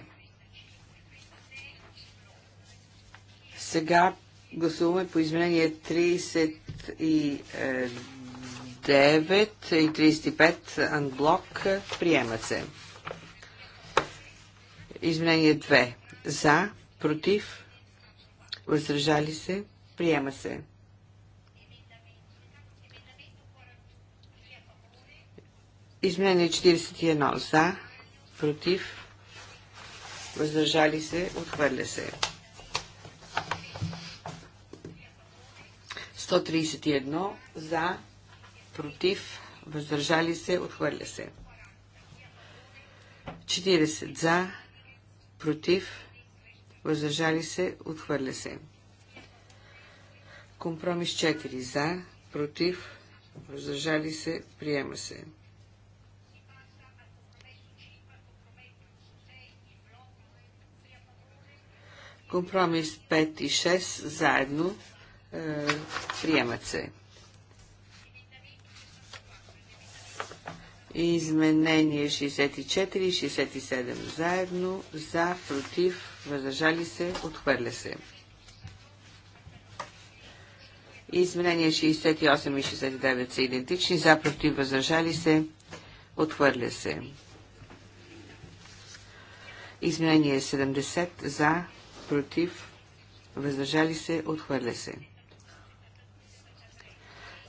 Сега гласуваме по изменение 32 39 и 35 анблок приемат се. Изменение 2. За, против, въздържали се, приема се. Изменение 41. За, против, въздържали се, отхвърля се. 131 за, против, въздържали се, отхвърля се. 40 за, против, въздържали се, отхвърля се. Компромис 4 за, против, въздържали се, приема се. Компромис 5 и 6 заедно е, приемат се. Изменение 64 и 67 заедно, за, против, въздържали се, отхвърля се. Изменения 68 и 69 са идентични, за, против, въздържали се, отхвърля се. Изменение 70 за, против, въздържали се, отхвърля се.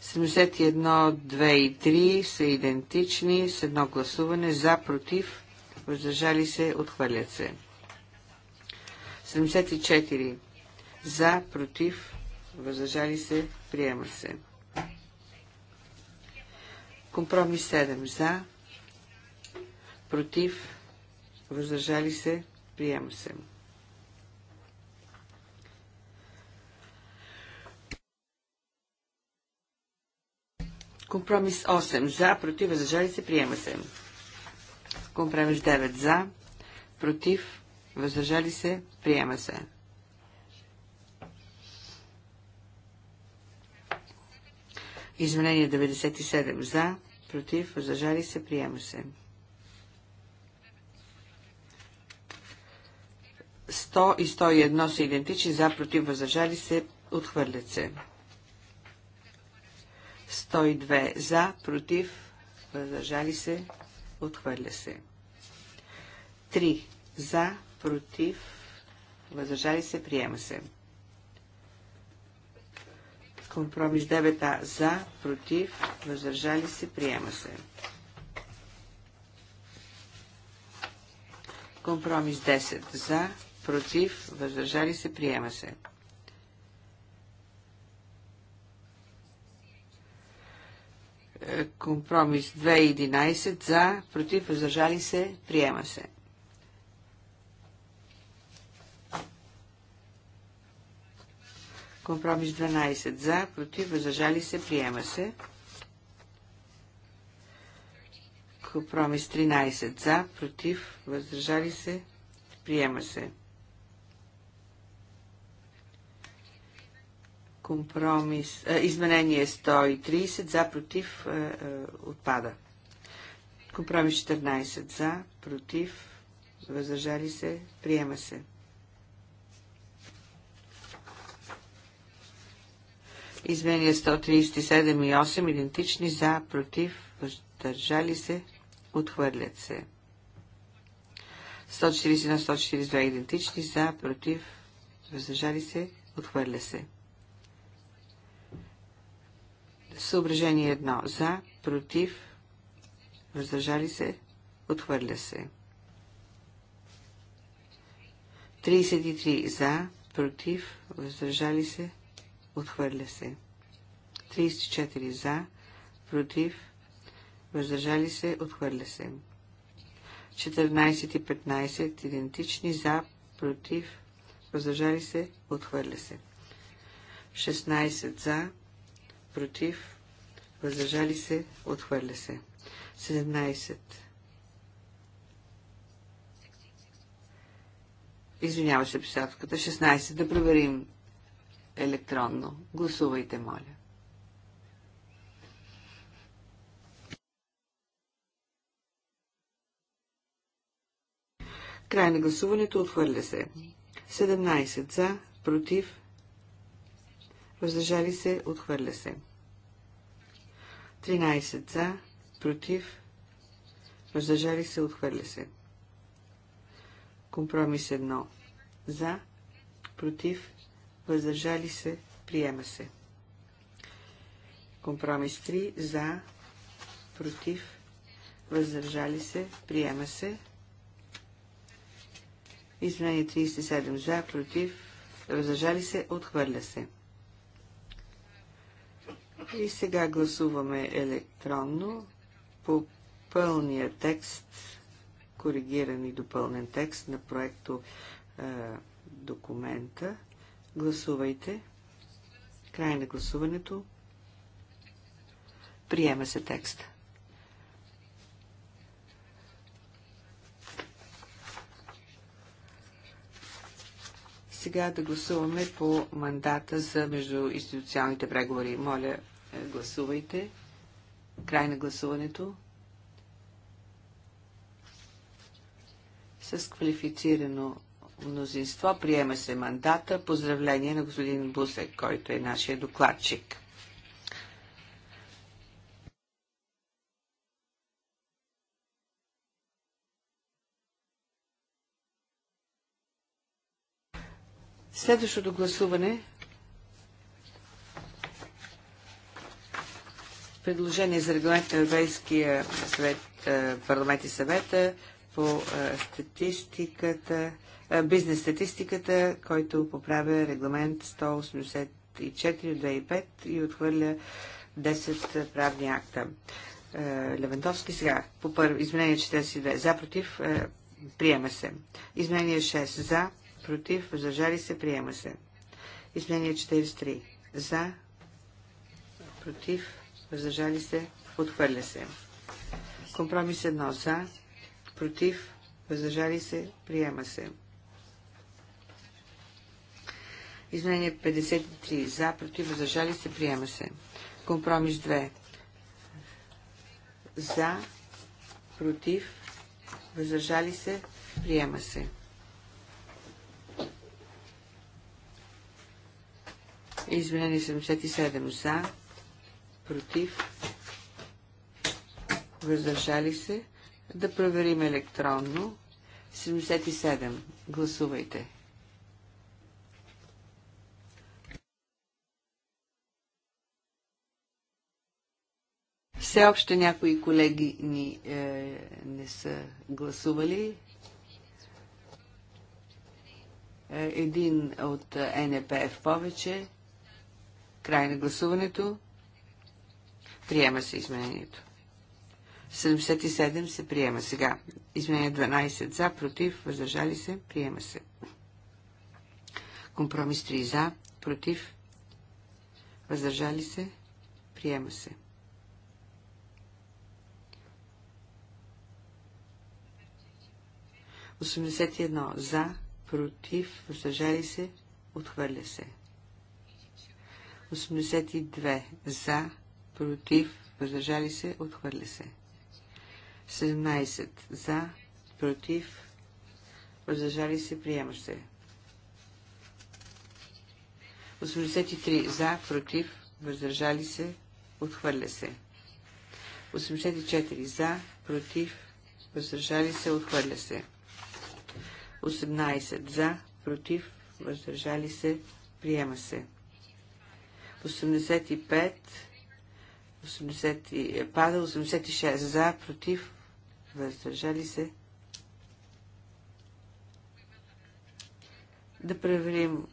71, 2 и 3 са идентични с едно гласуване за, против, въздържали се, отхвърлят се. 74 за, против, въздържали се, приема се. Компромис 7 за, против, въздържали се, приема се. Компромис 8 за, против, въздържали се, приема се. Компромис 9 за, против, въздържали се, приема се. Изменение 97 за, против, въздържали се, приема се. 100 и 101 са идентични, за, против, въздържали се, отхвърлят се. 102 за, против, въздържали се, отхвърля се. 3 за, против, въздържали се, приема се. Компромис 9а за, против, въздържали се, приема се. Компромис 10 за, против, въздържали се, приема се. Компромис 2.11 за, против, въздържали се, приема се. Компромис 12 за, против, въздържали се, приема се. Компромис 13 за, против, въздържали се, приема се. Компромис. изменение 130 за, против, отпада. Компромис 14 за, против, въздържали се, приема се. Изменение 137 и 8 идентични за, против, въздържали се, отхвърлят се. 141 142 идентични за, против, въздържали се, отхвърля се. Съображение 1. За, против, въздържали се, отхвърля се. 33. За, против, въздържали се, отхвърля се. 34. За, против, въздържали се, отхвърля се. 14 и 15 идентични за, против, въздържали се, отхвърля се. 16 за, против, въздържали се, отхвърля се. 17. Извинява се писателката. 16. Да проверим електронно. Гласувайте, моля. Край на гласуването отхвърля се. 17 за, против, въздържали се, отхвърля се. 13 за, против, въздържали се, отхвърля се. Компромис 1 за, против, въздържали се, приема се. Компромис 3 за, против, въздържали се, приема се. Изменение 37 за, против, въздържали се, отхвърля се. И сега гласуваме електронно по пълния текст, коригиран и допълнен текст на проекто е, документа. Гласувайте. Край на гласуването. Приема се текста. Сега да гласуваме по мандата за междуинституционалните преговори. Моля, е, гласувайте. Край на гласуването. С квалифицирано мнозинство приема се мандата. Поздравление на господин Бусек, който е нашия докладчик. Следващото гласуване Предложение за регламент на Европейския съвет, е, парламент и съвета по е, статистиката, е, бизнес статистиката, който поправя регламент 184 от 2005 и отхвърля 10 правни акта. Левентовски сега. По първо, изменение 42. За, против, приема се. Изменение 6. За, против, въздържали се, приема се. Изменение 43. За, против, въздържали се, отхвърля се. Компромис 1 за, против, въздържали се, приема се. Изменение 53 за, против, въздържали се, приема се. Компромис 2 за, против, въздържали се, приема се. Изменение 77 за, против, въздържали се. Да проверим електронно. 77. Гласувайте. Все още някои колеги ни е, не са гласували. Е, един от е НПФ повече. Край на гласуването. Приема се изменението. 77 се приема сега. Изменение 12 за, против, въздържали се, приема се. Компромис 3 за, против, въздържали се, приема се. Осемдесет едно. За, против, въздържали се, отхвърля се. 82 за, против, въздържали се, отхвърля се. 17 за, против, въздържали се, приема се. 83 за, против, въздържали се, отхвърля се. 84 за, против, въздържали се, отхвърля се. 18 за, против, въздържали се, приема се. 85 80, е, пада 86 за, против, въздържали се. Да проверим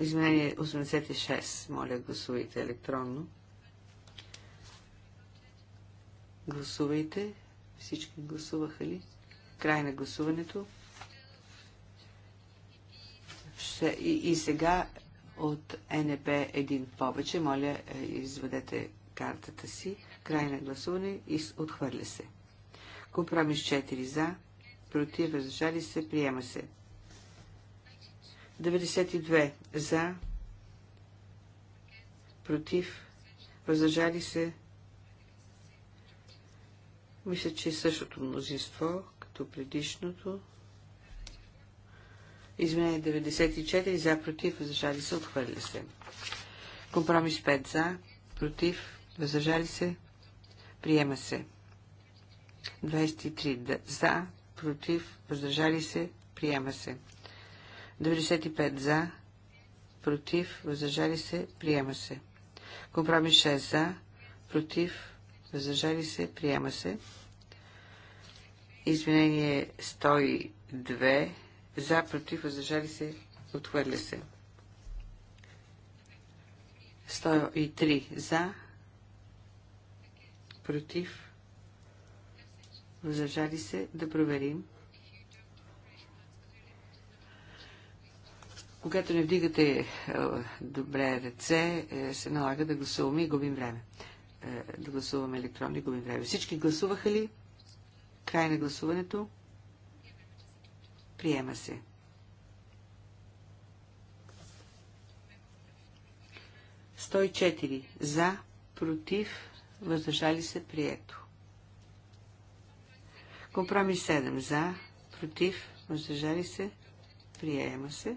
изменение 86. Моля, гласувайте електронно. Гласувайте. Всички гласуваха ли? Край на гласуването. И, и сега от НП един повече. Моля, е, изведете картата си. Край на гласуване и отхвърля се. Компромис 4 за, против, въздържали се, приема се. 92 за, против, въздържали се. Мисля, че е същото мнозинство, като предишното. Изменение 94 за, против, въздържали се, отхвърля се. Компромис 5 за, против, въздържали се, приема се. 23 за, против, въздържали се, приема се. 95 за, против, въздържали се, приема се. Компромис 6 за, против, въздържали се, приема се. Изменение 102 за, против, въздържали се, отхвърля се. 103 за, против, въздържали се, да проверим. Когато не вдигате е, добре ръце, е, се налага да гласуваме и губим време. Е, да гласуваме електронно и губим време. Всички гласуваха ли? Край на гласуването. Приема се. Стой четири. За, против, въздържали се, прието. Компромис 7 за, против, въздържали се, приема се.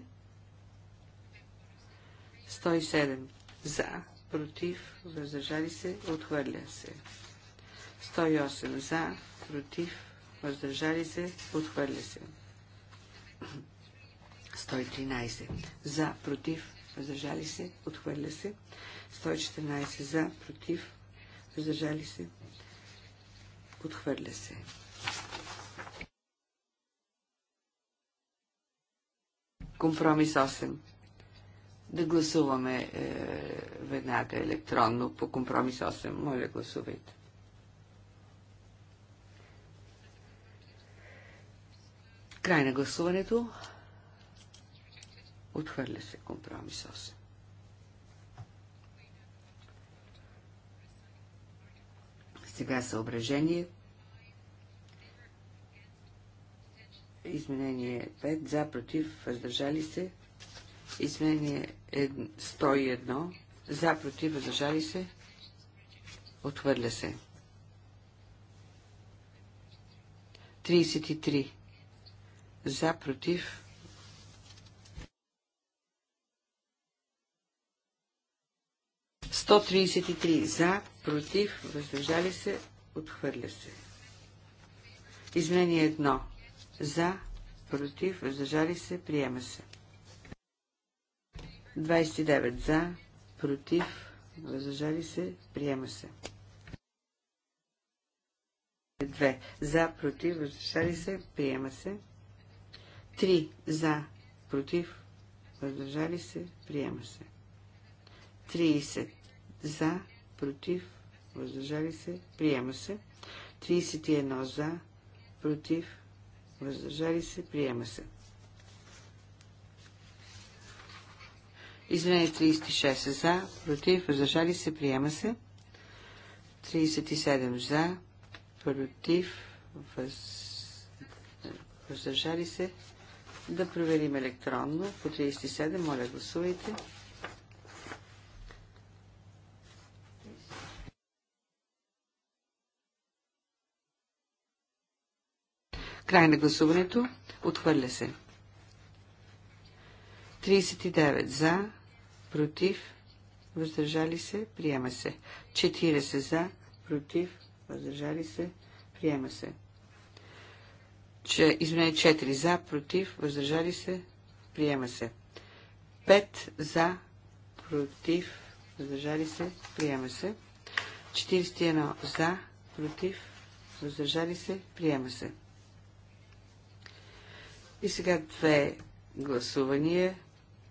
107 за, против, въздържали се, отхвърля се. 108 за, против, въздържали се, отхвърля се. 113 за, против, въздържали се, отхвърля се. 114 за, против, въздържали се, подхвърля се. Компромис 8. Да гласуваме е, веднага електронно по компромис 8. Моля, гласувайте. Край на гласуването. Отхвърля се компромис 8. Сега съображение. Изменение 5. За, против, въздържали се. Изменение 101. За, против, въздържали се. Отвърля се. 33. За, против. Сто тридесет и три за, против, въздържали се, отхвърля се. Изменение 1. За, против, въздържали се, приема се. 29. За, против, въздържали се, приема се. 2. За, против, въздържали се, приема се. 3. За, против, въздържали се, приема се. 30. За, против, въздържали се, приема се. 31 за, против, въздържали се, приема се. Извинение 36 за, против, въздържали се, приема се. 37 за, против, въз... въздържали се. Да проверим електронно. По 37, моля гласувайте. Край на гласуването. Отхвърля се. 39 за, против, въздържали се, приема се. 40 за, против, въздържали се, приема се. Че, извинете, 4 за, против, въздържали се, приема се. 5 за, против, въздържали се, приема се. 41 за, против, въздържали се, приема се. И сега две гласувания.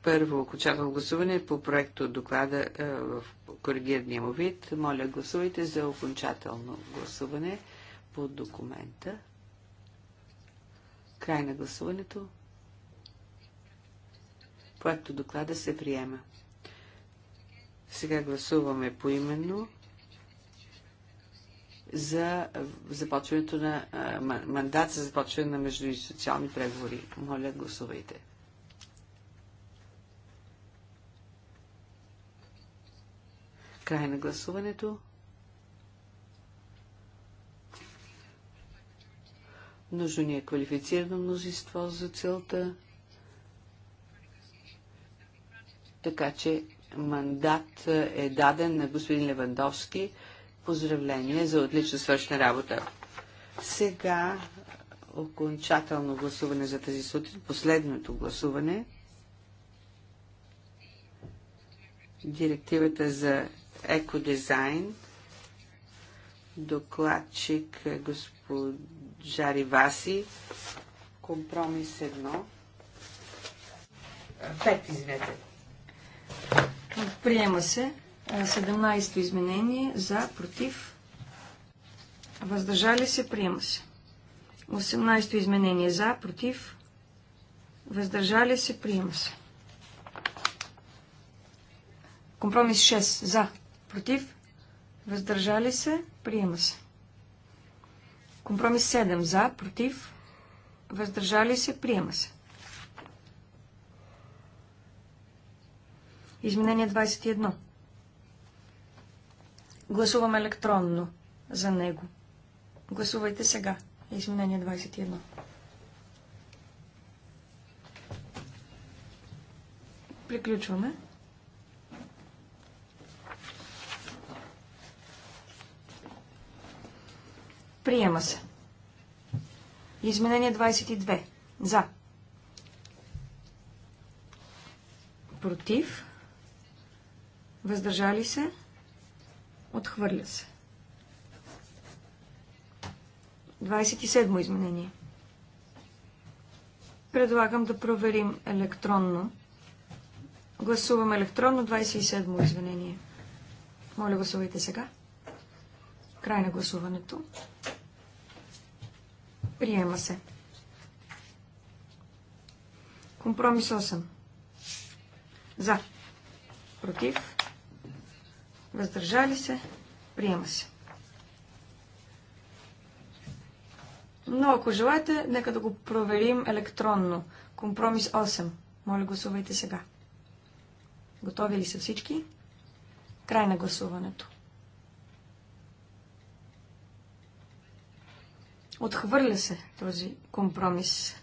Първо окончателно гласуване по проекто доклада е, в коригирания му вид. Моля, гласувайте за окончателно гласуване по документа. Край на гласуването. Проекто доклада се приема. Сега гласуваме поименно за започването на мандат за започване на междуинституционални преговори. Моля, гласувайте. Край на гласуването. Нужно ни е квалифицирано мнозинство за целта. Така че мандат е даден на господин Левандовски Поздравление за отлично свършна работа. Сега окончателно гласуване за тази сутрин, последното гласуване. Директивата за екодизайн. Докладчик е госпожа Риваси. Компромис едно. Пет, извинете. Приема се. 17-то изменение за, против, въздържали се, приема се. 18-то изменение за, против, въздържали се, приема се. Компромис 6 за, против, въздържали се, приема се. Компромис 7 за, против, въздържали се, приема се. Изменение 21. Гласувам електронно за него. Гласувайте сега. Изменение 21. Приключваме. Приема се. Изменение 22. За. Против. Въздържали се. Отхвърля се. 27 изменение. Предлагам да проверим електронно. Гласувам електронно 27 изменение. Моля, гласувайте сега. Край на гласуването. Приема се. Компромис 8. За. Против въздържали се, приема се. Но ако желаете, нека да го проверим електронно. Компромис 8. Моля, гласувайте сега. Готови ли са всички? Край на гласуването. Отхвърля се този компромис.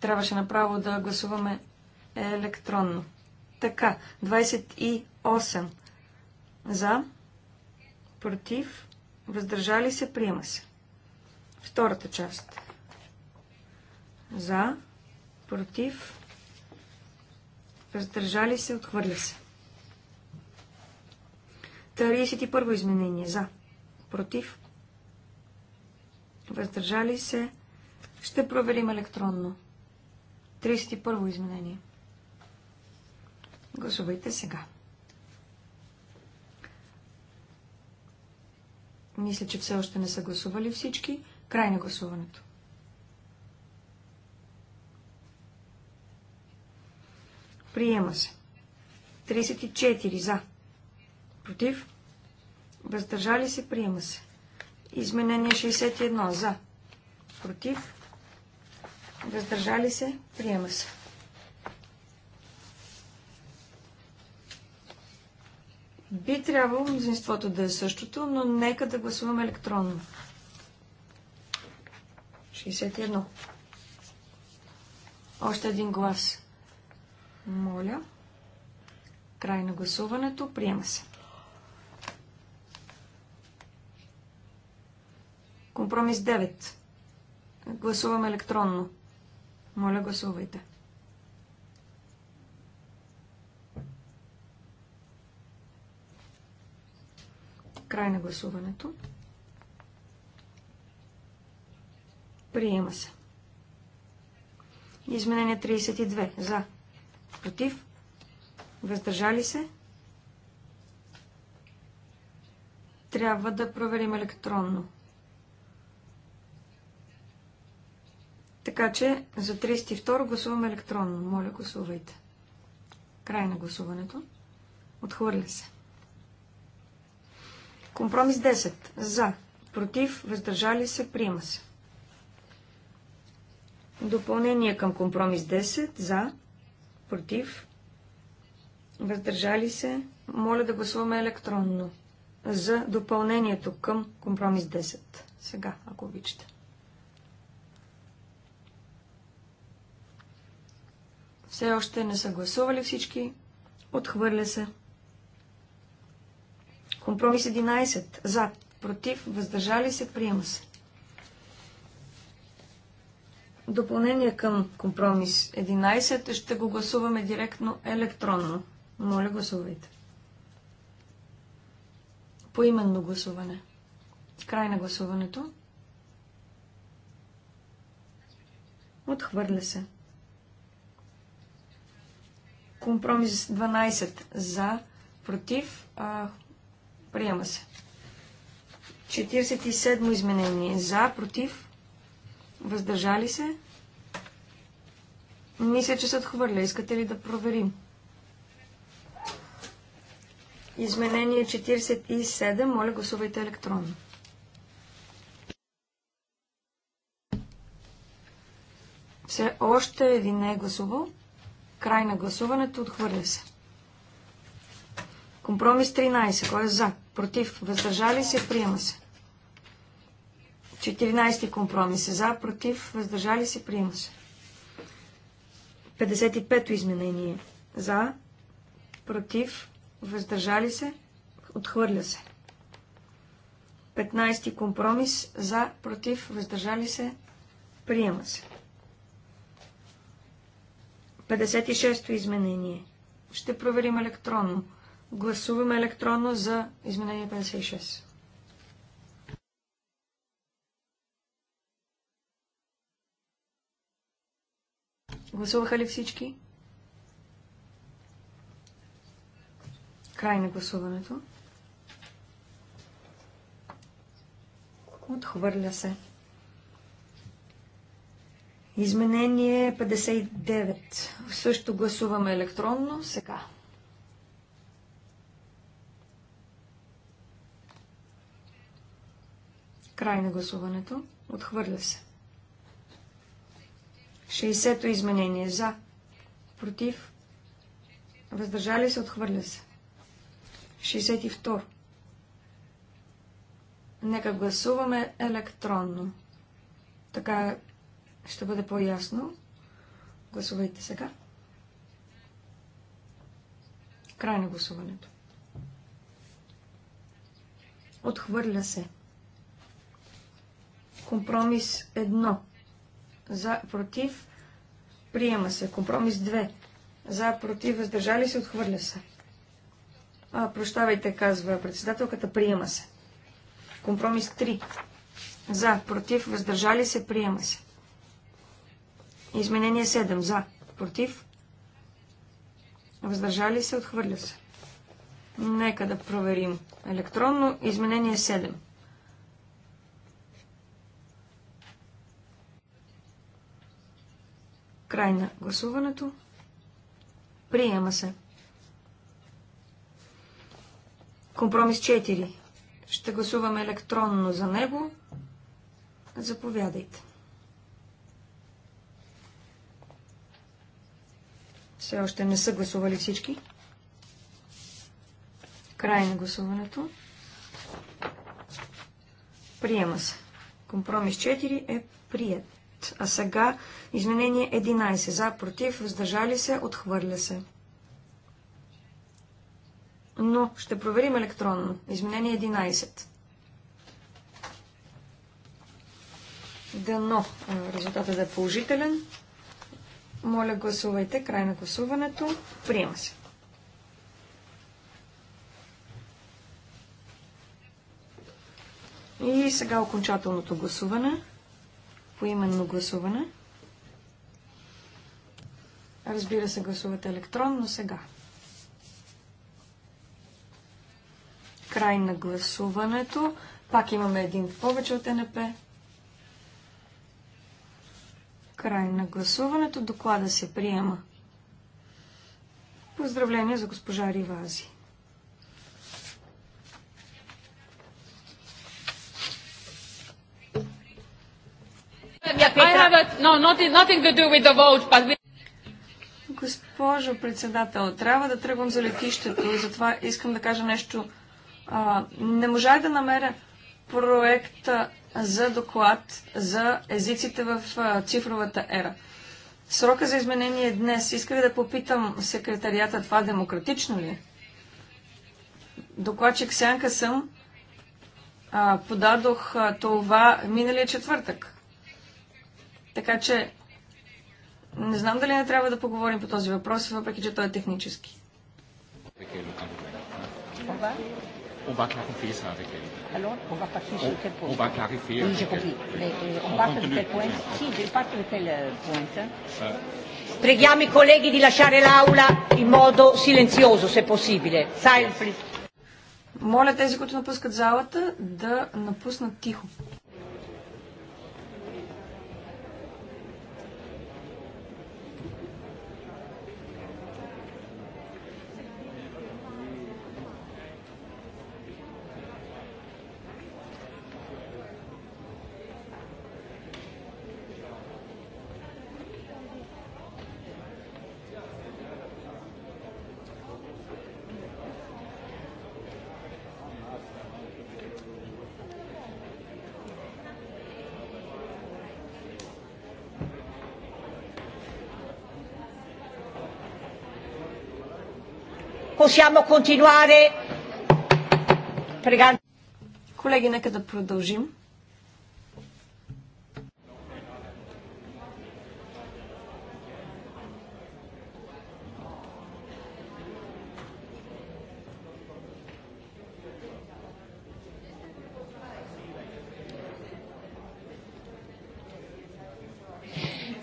Трябваше направо да гласуваме електронно. Така, 28 за. Против. Въздържали се. Приема се. Втората част. За. Против. Въздържали се. Отхвърля се. 31 изменение. За. Против. Въздържали се. Ще проверим електронно. 31 изменение. Гласувайте сега. Мисля, че все още не са гласували всички. Край на гласуването. Приема се. 34 за. Против. Въздържали се. Приема се. Изменение 61 за. Против. Въздържали се. Приема се. Би трябвало мнозинството да е същото, но нека да гласуваме електронно. 61. Още един глас. Моля. Край на гласуването. Приема се. Компромис 9. Гласуваме електронно. Моля, гласувайте. 61. Край на гласуването. Приема се. Изменение 32. За. Против. Въздържали се. Трябва да проверим електронно. Така че за 32 гласуваме електронно. Моля, гласувайте. Край на гласуването. Отхвърля се. Компромис 10. За. Против. Въздържали се. Приема се. Допълнение към компромис 10. За. Против. Въздържали се. Моля да гласуваме електронно. За допълнението към компромис 10. Сега, ако обичате. Все още не са гласували всички. Отхвърля се. Компромис 11. За. Против. Въздържали се. Приема се. Допълнение към компромис 11 ще го гласуваме директно електронно. Моля, гласувайте. Поименно гласуване. Край на гласуването. Отхвърля се. Компромис 12 за, против, а, Приема се. 47 изменение. За, против, въздържали се. Мисля, че се отхвърля. Искате ли да проверим? Изменение 47. Моля, гласувайте електронно. Все още един не е гласувал. Край на гласуването. Отхвърля се. Компромис 13. Кой е за? Против. Въздържали се. Приема се. 14 компромис е за. Против. Въздържали се. Приема се. 55 изменение. За. Против. Въздържали се. Отхвърля се. 15 компромис. За. Против. Въздържали се. Приема се. 56 изменение. Ще проверим електронно. Гласуваме електронно за изменение 56. Гласуваха ли всички? Край на гласуването. Отхвърля се. Изменение 59. Също гласуваме електронно сега. Край на гласуването. Отхвърля се. 60-то изменение. За. Против. Въздържали се. Отхвърля се. 62. Нека гласуваме електронно. Така ще бъде по-ясно. Гласувайте сега. Край на гласуването. Отхвърля се. Компромис 1. За, против, приема се. Компромис 2. За, против, въздържали се, отхвърля се. А, прощавайте, казва председателката, приема се. Компромис 3. За, против, въздържали се, приема се. Изменение 7. За, против, въздържали се, отхвърля се. Нека да проверим. Електронно изменение 7. Край на гласуването. Приема се. Компромис 4. Ще гласуваме електронно за него. Заповядайте. Все още не са гласували всички. Край на гласуването. Приема се. Компромис 4 е прият. А сега изменение 11. За, против, въздържали се, отхвърля се. Но ще проверим електронно. Изменение 11. Дано резултатът да е положителен. Моля, гласувайте. Край на гласуването. Приема се. И сега окончателното гласуване по именно гласуване. Разбира се, гласувате електронно сега. Край на гласуването. Пак имаме един повече от НП. Край на гласуването. Доклада се приема. Поздравление за госпожа Ривази. Госпожо председател, трябва да тръгвам за летището и затова искам да кажа нещо. А, не можах да намеря проекта за доклад за езиците в а, цифровата ера. Срока за изменение е днес. Исках да попитам секретарията това демократично ли е? Докладчик Сянка съм. А, подадох а, това миналия четвъртък. Така че не знам дали не трябва да поговорим по този въпрос, въпреки че той е технически. On va clarifier ça avec elle. Alors, on va partir sur quel point On va clarifier. Oui, j'ai compris. Mais euh, on part de quel point Si, je parte de quel point Preghiamo i colleghi di lasciare l'aula in modo silenzioso, se possibile. Silent, please. Моля тези, които напускат залата, да напуснат тихо. Possiamo continuare? Pregando. Колеги, нека да продължим.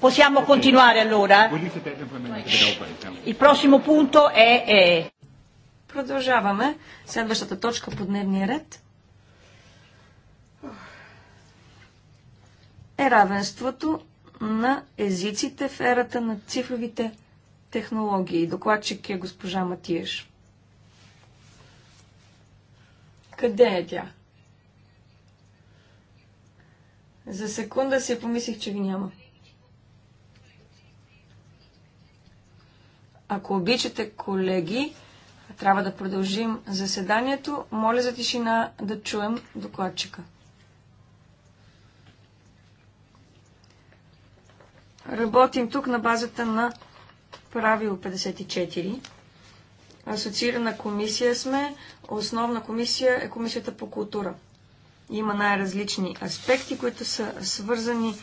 Possiamo continuare allora? Il prossimo punto è... è... Продължаваме. Следващата точка по дневния ред е равенството на езиците в ерата на цифровите технологии. Докладчик е госпожа Матиеш. Къде е тя? За секунда си помислих, че ви няма. Ако обичате, колеги, трябва да продължим заседанието. Моля за тишина да чуем докладчика. Работим тук на базата на правило 54. Асоциирана комисия сме. Основна комисия е комисията по култура. Има най-различни аспекти, които са свързани с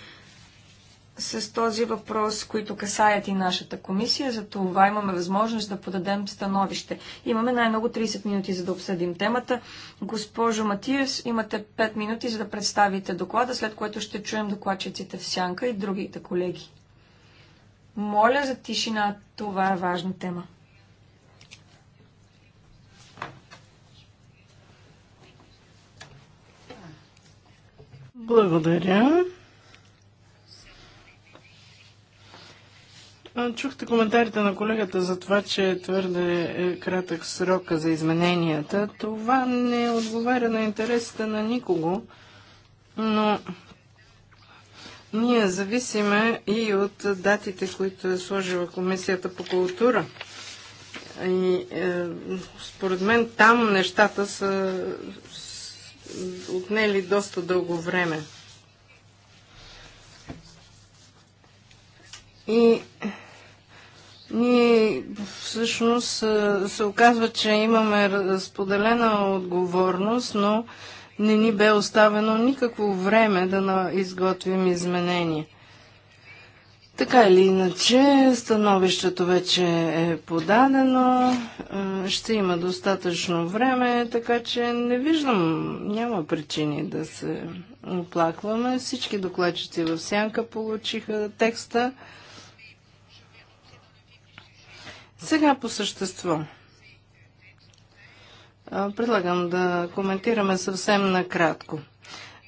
с този въпрос, които касаят и нашата комисия. За това имаме възможност да подадем становище. Имаме най-много 30 минути, за да обсъдим темата. Госпожо Матиас, имате 5 минути, за да представите доклада, след което ще чуем докладчиците в сянка и другите колеги. Моля за тишина, това е важна тема. Благодаря. Чухте коментарите на колегата за това, че е твърде кратък срока за измененията. Това не отговаря на интересите на никого, но ние зависиме и от датите, които е сложила Комисията по култура. И е, според мен там нещата са отнели доста дълго време. И ние всъщност се оказва, че имаме споделена отговорност, но не ни бе оставено никакво време да изготвим изменения. Така или иначе, становището вече е подадено, ще има достатъчно време, така че не виждам, няма причини да се оплакваме. Всички докладчици в сянка получиха текста. Сега по същество. Предлагам да коментираме съвсем накратко.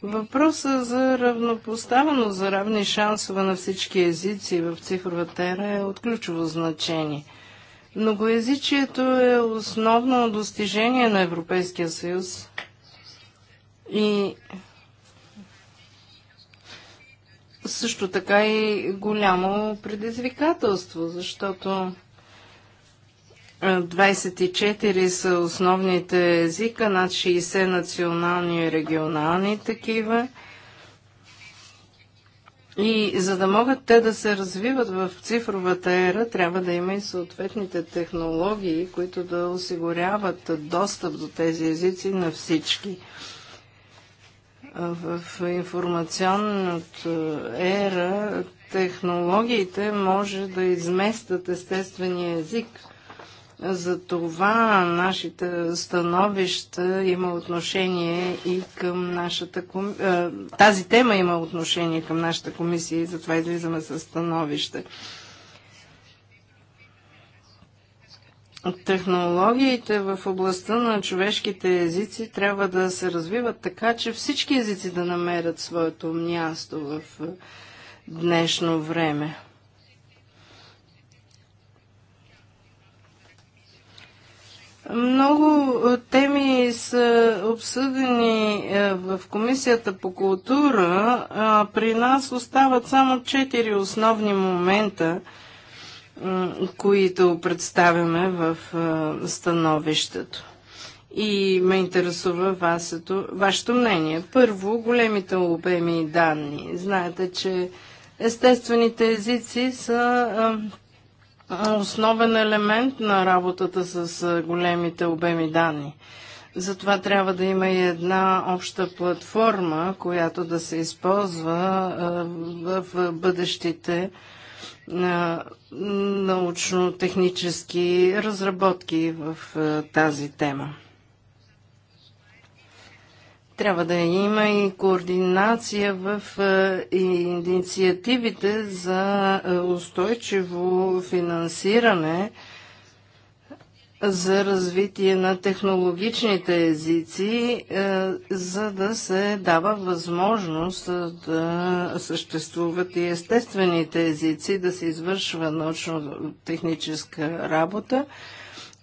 Въпроса за равнопоставеност, за равни шансове на всички езици в цифровата ера е от ключово значение. Многоязичието е основно достижение на Европейския съюз и също така и голямо предизвикателство, защото 24 са основните езика, над 60 национални и регионални такива. И за да могат те да се развиват в цифровата ера, трябва да има и съответните технологии, които да осигуряват достъп до тези езици на всички. В информационната ера технологиите може да изместят естествения език – за това нашите становища има отношение и към нашата комисия. Е, тази тема има отношение към нашата комисия и затова излизаме с становище. Технологиите в областта на човешките езици трябва да се развиват така, че всички езици да намерят своето място в е, днешно време. Много е, теми са обсъдени е, в Комисията по култура. при нас остават само четири основни момента, които представяме в е, становището. И ме интересува вашето, вашето мнение. Първо, големите обеми данни. Знаете, че естествените езици са основен елемент на работата с големите обеми данни. Затова трябва да има и една обща платформа, която да се използва в бъдещите научно-технически разработки в тази тема. Трябва да има и координация в е, инициативите за е, устойчиво финансиране за развитие на технологичните езици, е, за да се дава възможност да съществуват и естествените езици, да се извършва научно-техническа работа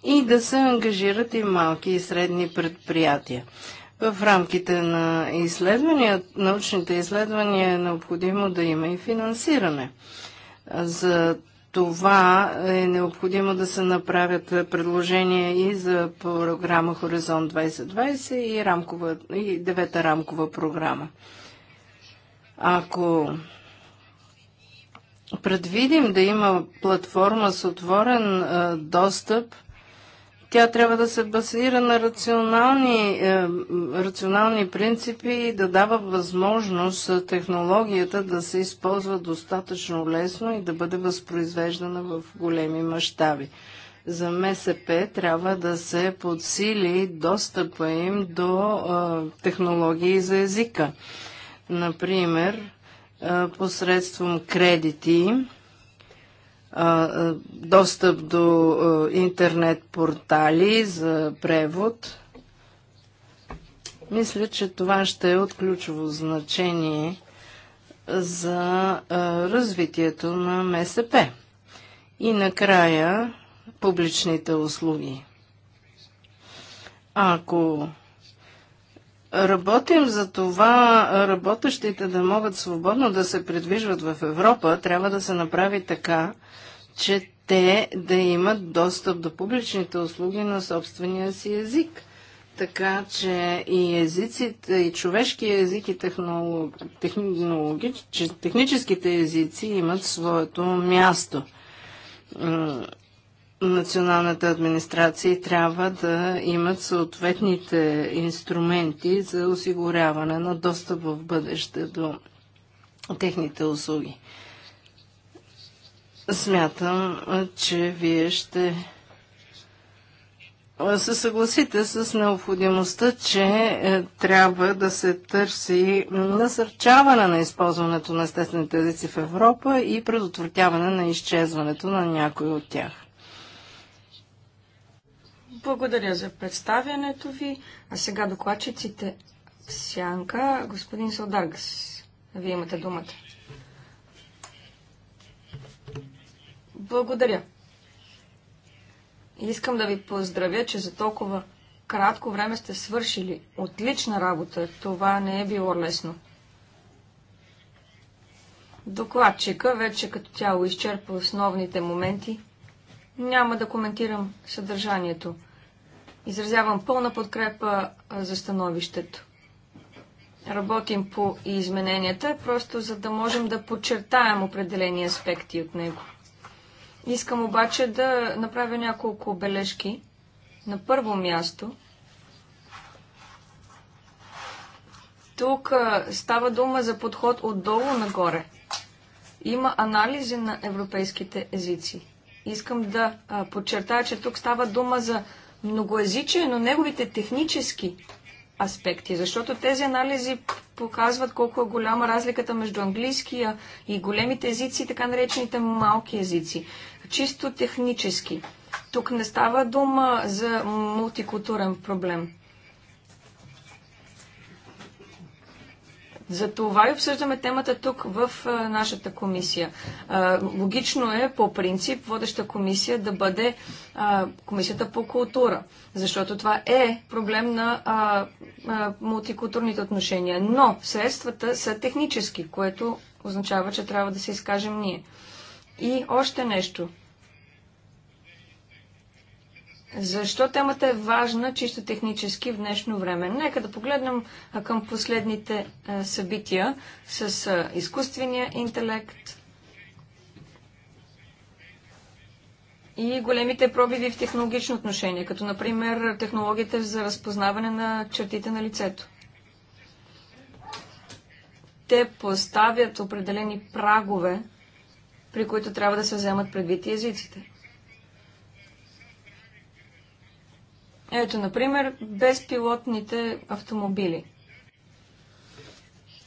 и да се ангажират и малки и средни предприятия. В рамките на изследвания, научните изследвания е необходимо да има и финансиране. За това е необходимо да се направят предложения и за програма Хоризонт 2020 и, рамкова, и девета рамкова програма. Ако предвидим да има платформа с отворен достъп, тя трябва да се базира на рационални, е, рационални принципи и да дава възможност технологията да се използва достатъчно лесно и да бъде възпроизвеждана в големи мащаби. За МСП трябва да се подсили достъпа им до е, технологии за езика. Например, е, посредством кредити, достъп до интернет портали за превод. Мисля, че това ще е от ключово значение за развитието на МСП. И накрая публичните услуги. Ако Работим за това работещите да могат свободно да се придвижват в Европа. Трябва да се направи така, че те да имат достъп до публичните услуги на собствения си език. Така че и езиците, и човешкия език, и технолог, технологич, техническите езици имат своето място националната администрация трябва да имат съответните инструменти за осигуряване на достъп в бъдеще до техните услуги. Смятам, че вие ще се съгласите с необходимостта, че е, трябва да се търси насърчаване на използването на естествените езици в Европа и предотвратяване на изчезването на някой от тях. Благодаря за представянето ви. А сега докладчиците сянка. Господин Салдаргас, вие имате думата. Благодаря. Искам да ви поздравя, че за толкова кратко време сте свършили отлична работа. Това не е било лесно. Докладчика, вече като тяло изчерпа основните моменти, няма да коментирам съдържанието. Изразявам пълна подкрепа за становището. Работим по измененията, просто за да можем да подчертаем определени аспекти от него. Искам обаче да направя няколко бележки. На първо място, тук става дума за подход отдолу нагоре. Има анализи на европейските езици. Искам да подчертая, че тук става дума за многоязичие, но неговите технически аспекти, защото тези анализи показват колко е голяма разликата между английския и големите езици, така наречените малки езици. Чисто технически. Тук не става дума за мултикултурен проблем. За това и обсъждаме темата тук в а, нашата комисия. А, логично е по принцип водеща комисия да бъде а, комисията по култура, защото това е проблем на а, а, мултикултурните отношения. Но средствата са технически, което означава, че трябва да се изкажем ние. И още нещо. Защо темата е важна чисто технически в днешно време? Нека да погледнем към последните събития с изкуствения интелект и големите пробиви в технологично отношение, като например технологията за разпознаване на чертите на лицето. Те поставят определени прагове, при които трябва да се вземат предвид и езиците. Ето, например, безпилотните автомобили.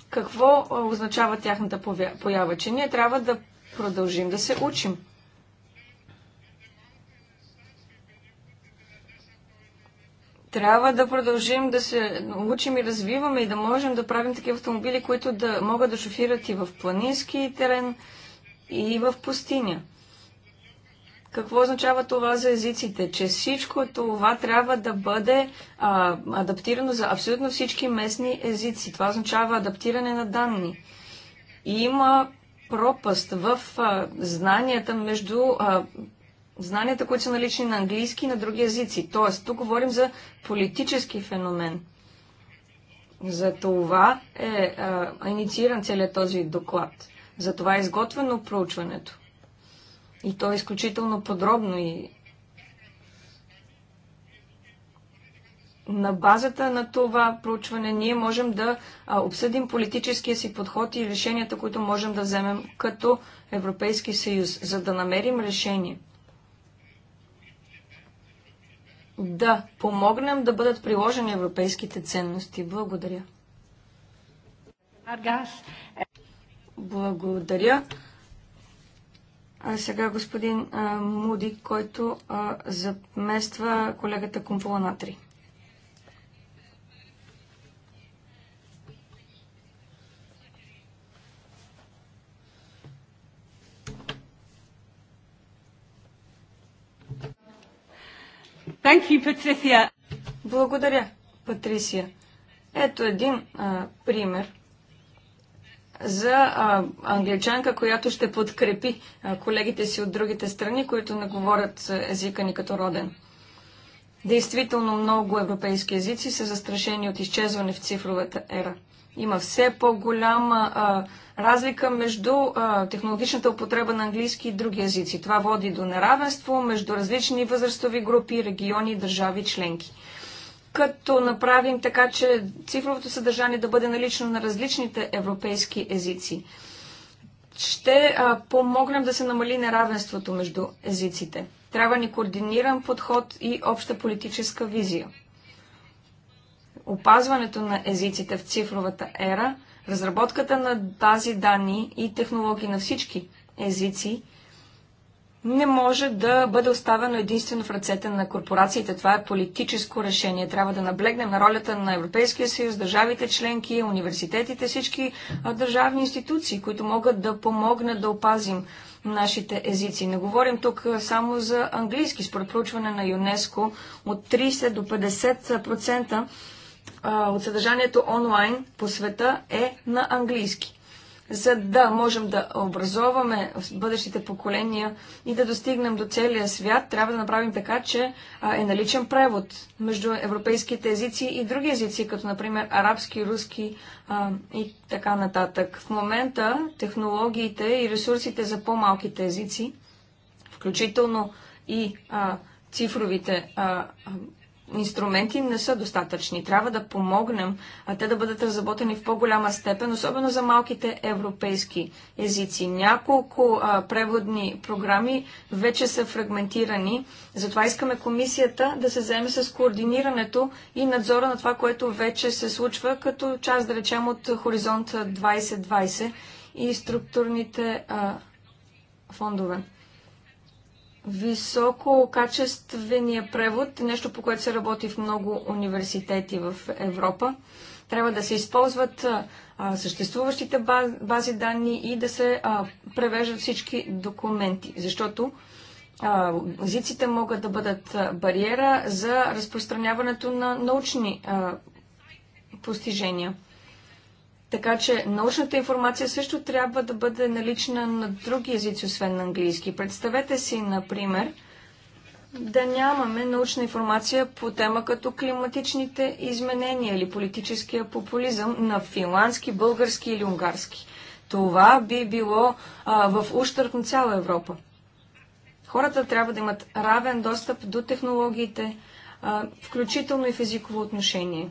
Какво означава тяхната поява? Че ние трябва да продължим да се учим. трябва да продължим да се учим и развиваме и да можем да правим такива автомобили, които да могат да шофират и в планински терен, и в пустиня. Какво означава това за езиците? Че всичко това трябва да бъде а, адаптирано за абсолютно всички местни езици. Това означава адаптиране на данни. И има пропаст в а, знанията между а, знанията, които са налични на английски и на други езици. Тоест, тук говорим за политически феномен. За това е а, иницииран целият този доклад. За това е изготвено проучването. И то е изключително подробно и на базата на това проучване ние можем да а, обсъдим политическия си подход и решенията, които можем да вземем като Европейски съюз, за да намерим решение. Да помогнем да бъдат приложени европейските ценности. Благодаря. Благодаря. А сега господин Муди, който замества колегата Кумпола Thank you, Patricia. Благодаря, Патрисия. Ето един а, пример за а, англичанка, която ще подкрепи а, колегите си от другите страни, които не говорят езика ни като роден. Действително много европейски езици са застрашени от изчезване в цифровата ера. Има все по-голяма разлика между а, технологичната употреба на английски и други езици. Това води до неравенство между различни възрастови групи, региони и държави членки като направим така, че цифровото съдържание да бъде налично на различните европейски езици. Ще а, помогнем да се намали неравенството между езиците. Трябва ни координиран подход и обща политическа визия. Опазването на езиците в цифровата ера, разработката на тази данни и технологии на всички езици – не може да бъде оставено единствено в ръцете на корпорациите. Това е политическо решение. Трябва да наблегнем на ролята на Европейския съюз, държавите членки, университетите, всички държавни институции, които могат да помогнат да опазим нашите езици. Не говорим тук само за английски. Според проучване на ЮНЕСКо от 30 до 50% от съдържанието онлайн по света е на английски за да можем да образоваме бъдещите поколения и да достигнем до целия свят, трябва да направим така, че е наличен превод между европейските езици и други езици, като например арабски, руски и така нататък. В момента технологиите и ресурсите за по-малките езици, включително и цифровите инструменти не са достатъчни. Трябва да помогнем а те да бъдат разработени в по-голяма степен, особено за малките европейски езици. Няколко а, преводни програми вече са фрагментирани, затова искаме комисията да се заеме с координирането и надзора на това, което вече се случва, като част, да речем, от Хоризонт 2020 и структурните а, фондове висококачествения превод, нещо по което се работи в много университети в Европа. Трябва да се използват а, съществуващите баз, бази данни и да се а, превеждат всички документи, защото а, езиците могат да бъдат бариера за разпространяването на научни постижения. Така че научната информация също трябва да бъде налична на други езици, освен на английски. Представете си, например, да нямаме научна информация по тема като климатичните изменения или политическия популизъм на финландски, български или унгарски. Това би било а, в ущърп на цяла Европа. Хората трябва да имат равен достъп до технологиите, а, включително и в езиково отношение.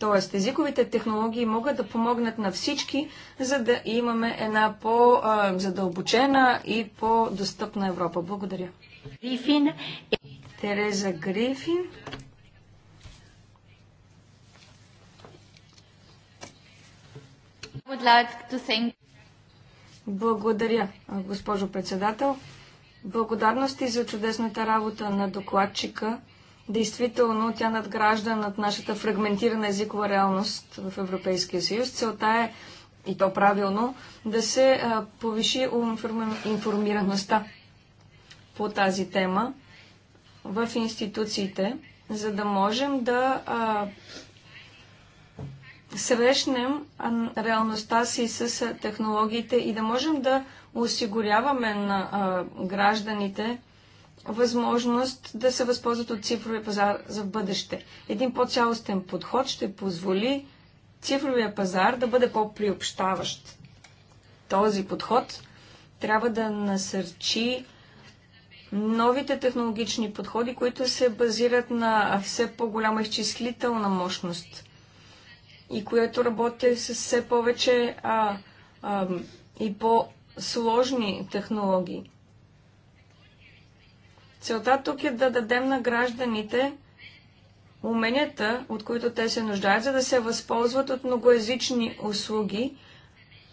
Тоест, езиковите технологии могат да помогнат на всички, за да имаме една по-задълбочена и по-достъпна Европа. Благодаря. Грифин. Тереза Грифин. Благодаря, госпожо председател. Благодарности за чудесната работа на докладчика Действително, тя надгражда над нашата фрагментирана езикова реалност в Европейския съюз. Целта е, и то правилно, да се повиши информираността по тази тема в институциите, за да можем да срещнем реалността си с технологиите и да можем да осигуряваме на гражданите възможност да се възползват от цифровия пазар за бъдеще. Един по-цялостен подход ще позволи цифровия пазар да бъде по-приобщаващ. Този подход трябва да насърчи новите технологични подходи, които се базират на все по-голяма изчислителна мощност и което работи с все повече а, а, и по-сложни технологии. Целта тук е да дадем на гражданите уменията, от които те се нуждаят, за да се възползват от многоязични услуги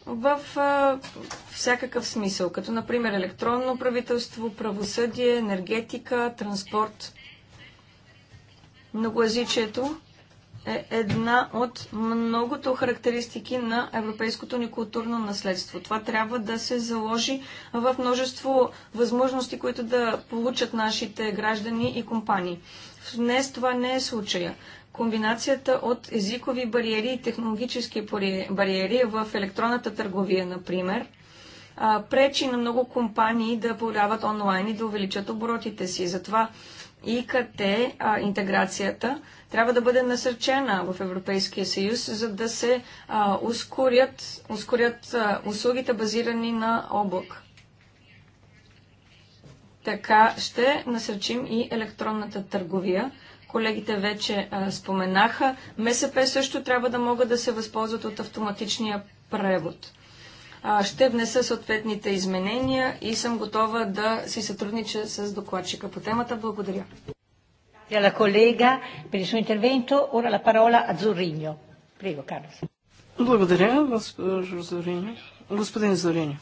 в а, всякакъв смисъл, като например електронно правителство, правосъдие, енергетика, транспорт. Многоязичието е една от многото характеристики на европейското ни културно наследство. Това трябва да се заложи в множество възможности, които да получат нашите граждани и компании. Днес това не е случая. Комбинацията от езикови бариери и технологически бариери в електронната търговия, например, пречи на много компании да появяват онлайн и да увеличат оборотите си. Затова ИКТ а, интеграцията трябва да бъде насърчена в Европейския съюз, за да се а, ускорят, ускорят а, услугите базирани на облак. Така ще насърчим и електронната търговия. Колегите вече а, споменаха. МСП също трябва да могат да се възползват от автоматичния превод ще внеса съответните изменения и съм готова да си сътруднича с докладчика по темата. Благодаря. Благодаря, госпожо Зорини. Господин Зориньо.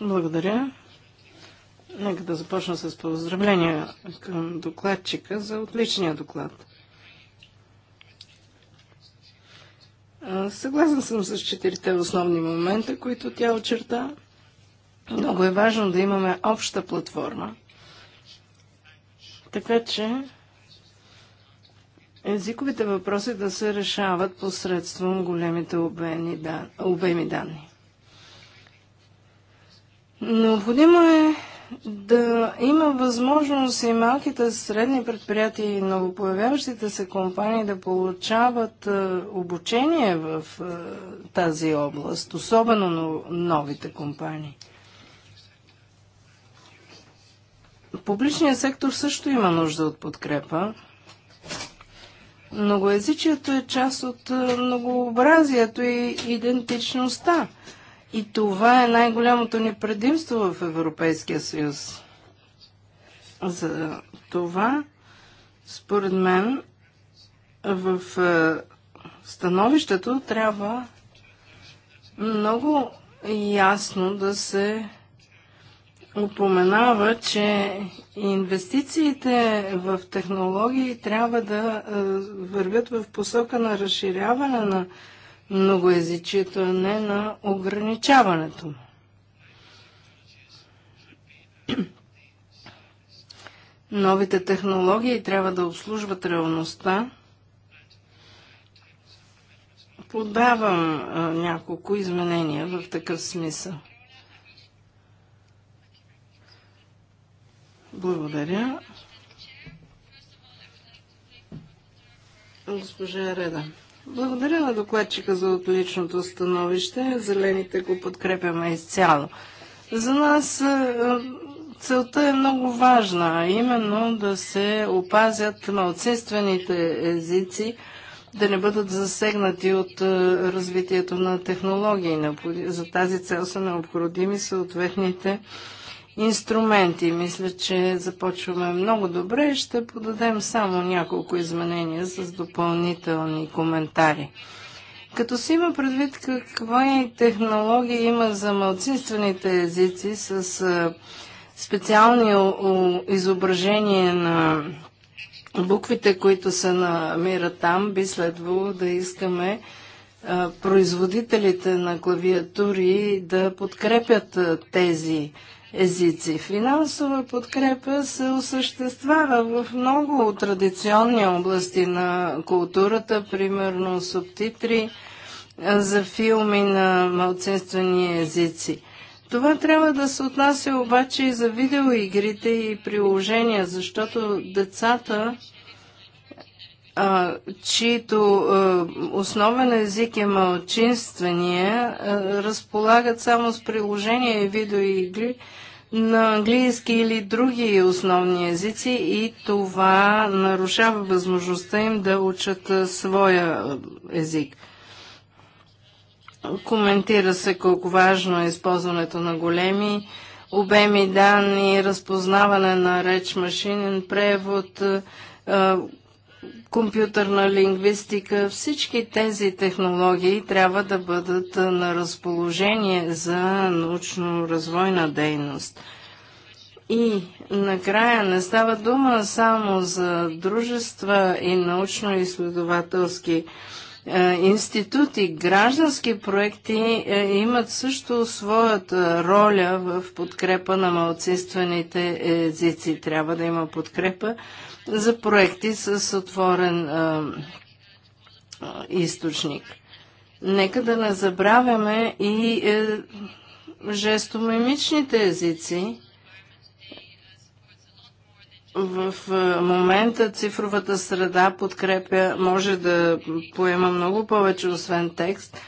Благодаря. Нека да започна с поздравления към докладчика за отличния доклад. Съгласна съм с четирите основни момента, които тя очерта. Много е важно да имаме обща платформа. Така че езиковите въпроси да се решават посредством големите обеми, обеми данни. Необходимо е да има възможност и малките средни предприятия и новопоявяващите се компании да получават е, обучение в е, тази област, особено новите компании. Публичният сектор също има нужда от подкрепа. Многоязичието е част от е, многообразието и идентичността. И това е най-голямото ни предимство в Европейския съюз. За това, според мен, в е, становището трябва много ясно да се упоменава, че инвестициите в технологии трябва да е, вървят в посока на разширяване на многоязичието, а не на ограничаването му. Новите технологии трябва да обслужват реалността. Подавам а, няколко изменения в такъв смисъл. Благодаря. Госпожа Реда. Благодаря на докладчика за отличното становище. Зелените го подкрепяме изцяло. За нас е, е, целта е много важна, а именно да се опазят малцинствените езици, да не бъдат засегнати от е, развитието на технологии. За тази цел са необходими съответните инструменти. Мисля, че започваме много добре. Ще подадем само няколко изменения с допълнителни коментари. Като си има предвид каква е технология има за малцинствените езици с специални изображения на буквите, които се намират там, би следвало да искаме а, производителите на клавиатури да подкрепят а, тези езици. Финансова подкрепа се осъществява в много традиционни области на културата, примерно субтитри за филми на малцинствени езици. Това трябва да се отнася обаче и за видеоигрите и приложения, защото децата, а, чието а, основен език е малчинствения, а, разполагат само с приложения и видеоигри, на английски или други основни езици и това нарушава възможността им да учат своя език. Коментира се колко важно е използването на големи обеми данни, разпознаване на реч, машинен превод, компютърна лингвистика, всички тези технологии трябва да бъдат на разположение за научно-развойна дейност. И накрая не става дума само за дружества и научно-изследователски е, институти, граждански проекти е, имат също своята роля в подкрепа на малцинствените езици. Трябва да има подкрепа за проекти с отворен е, източник. Нека да не забравяме и жестомимичните езици, в е, момента цифровата среда подкрепя, може да поема много повече, освен текст.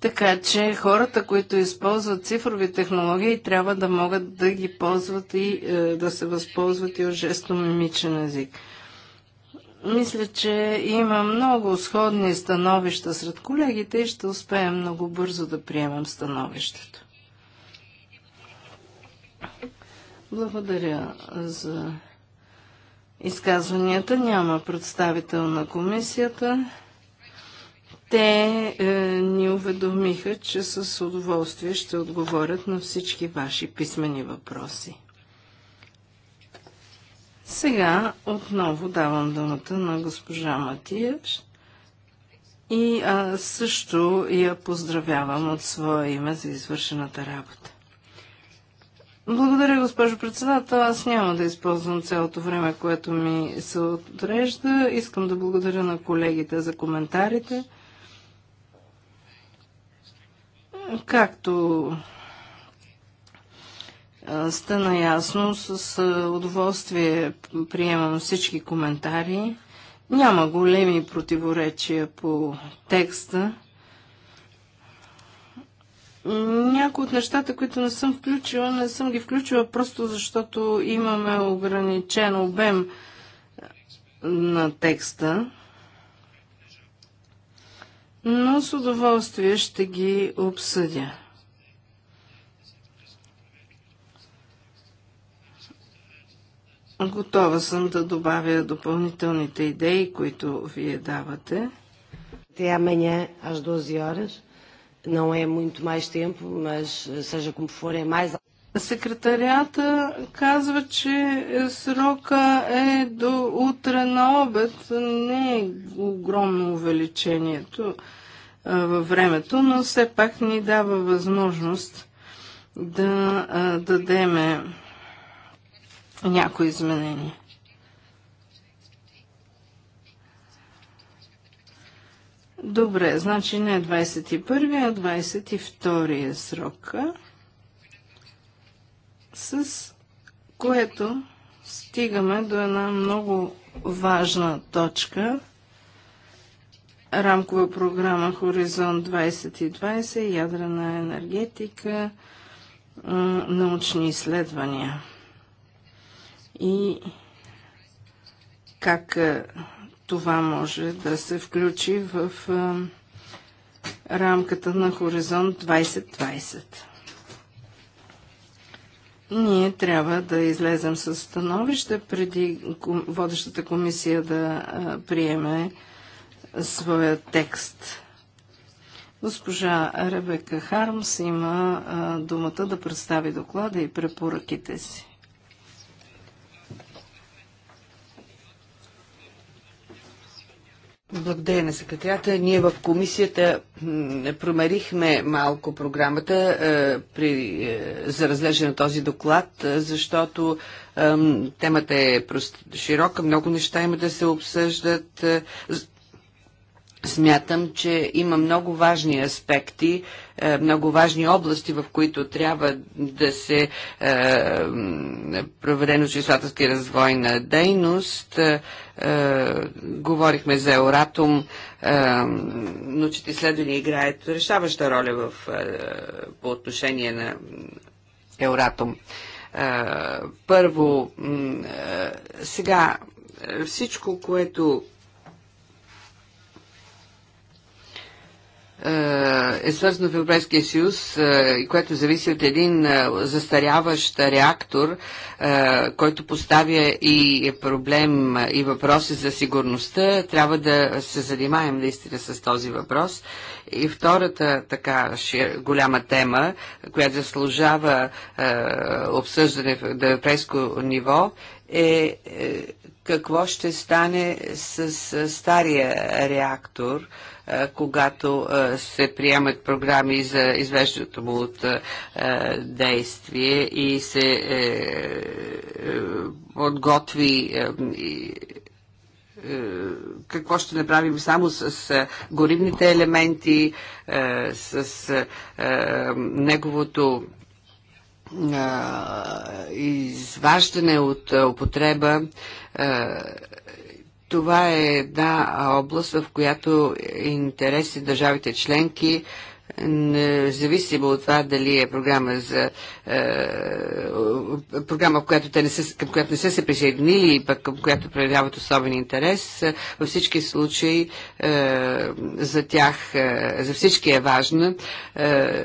Така че хората, които използват цифрови технологии, трябва да могат да ги ползват и е, да се възползват и от жестомимичен език. Мисля, че има много сходни становища сред колегите и ще успеем много бързо да приемам становището. Благодаря за изказванията. Няма представител на комисията. Те е, ни уведомиха, че с удоволствие ще отговорят на всички ваши писмени въпроси. Сега отново давам думата на госпожа Матияш и а, също я поздравявам от своя име за извършената работа. Благодаря, госпожо председател. Аз няма да използвам цялото време, което ми се отрежда. Искам да благодаря на колегите за коментарите. Както сте наясно, с удоволствие приемам всички коментари. Няма големи противоречия по текста. Някои от нещата, които не съм включила, не съм ги включила просто защото имаме ограничен обем на текста. Но с удоволствие ще ги обсъдя. Готова съм да добавя допълнителните идеи, които вие давате. Тя мене аж дози 12 Não é muito mais tempo, mas eh, seja como for, é mais. Секретарията казва, че срока е до утре на обед. Не е огромно увеличението във времето, но все пак ни дава възможност да дадеме някои изменения. Добре, значи не 21, е а 22 я срока, с което стигаме до една много важна точка. Рамкова програма Хоризонт 2020, ядрена енергетика, научни изследвания. И как това може да се включи в рамката на Хоризонт 2020. Ние трябва да излезем с становище преди водещата комисия да приеме своя текст. Госпожа Ребека Хармс има думата да представи доклада и препоръките си. Благодаря на секретарята. Ние в комисията промерихме малко програмата е, при, е, за разглеждане на този доклад, е, защото темата е просто широка, много неща има да се обсъждат. Е, Смятам, че има много важни аспекти, е, много важни области, в които трябва да се е, проведе научно развой на дейност. Е, говорихме за но че изследвания играят решаваща роля в, по отношение на Еуратум. Първо, сега всичко, което е свързано в Европейския съюз е, и което зависи от един е, застаряващ реактор, е, който поставя и проблем и въпроси за сигурността. Трябва да се занимаем наистина с този въпрос. И втората така голяма тема, която заслужава обсъждане в европейско ниво, е какво ще стане с стария реактор, когато се приемат програми за извеждането му от действие и се е, е, отготви, е, какво ще направим само с горивните елементи, с неговото изваждане от употреба това е една област, в която интереси държавите членки независимо от това дали е програма за е, програма, в която те не са, към която не са се присъединили и пък към която проявяват особен интерес, във всички случаи е, за тях, е, за всички е важна. Е,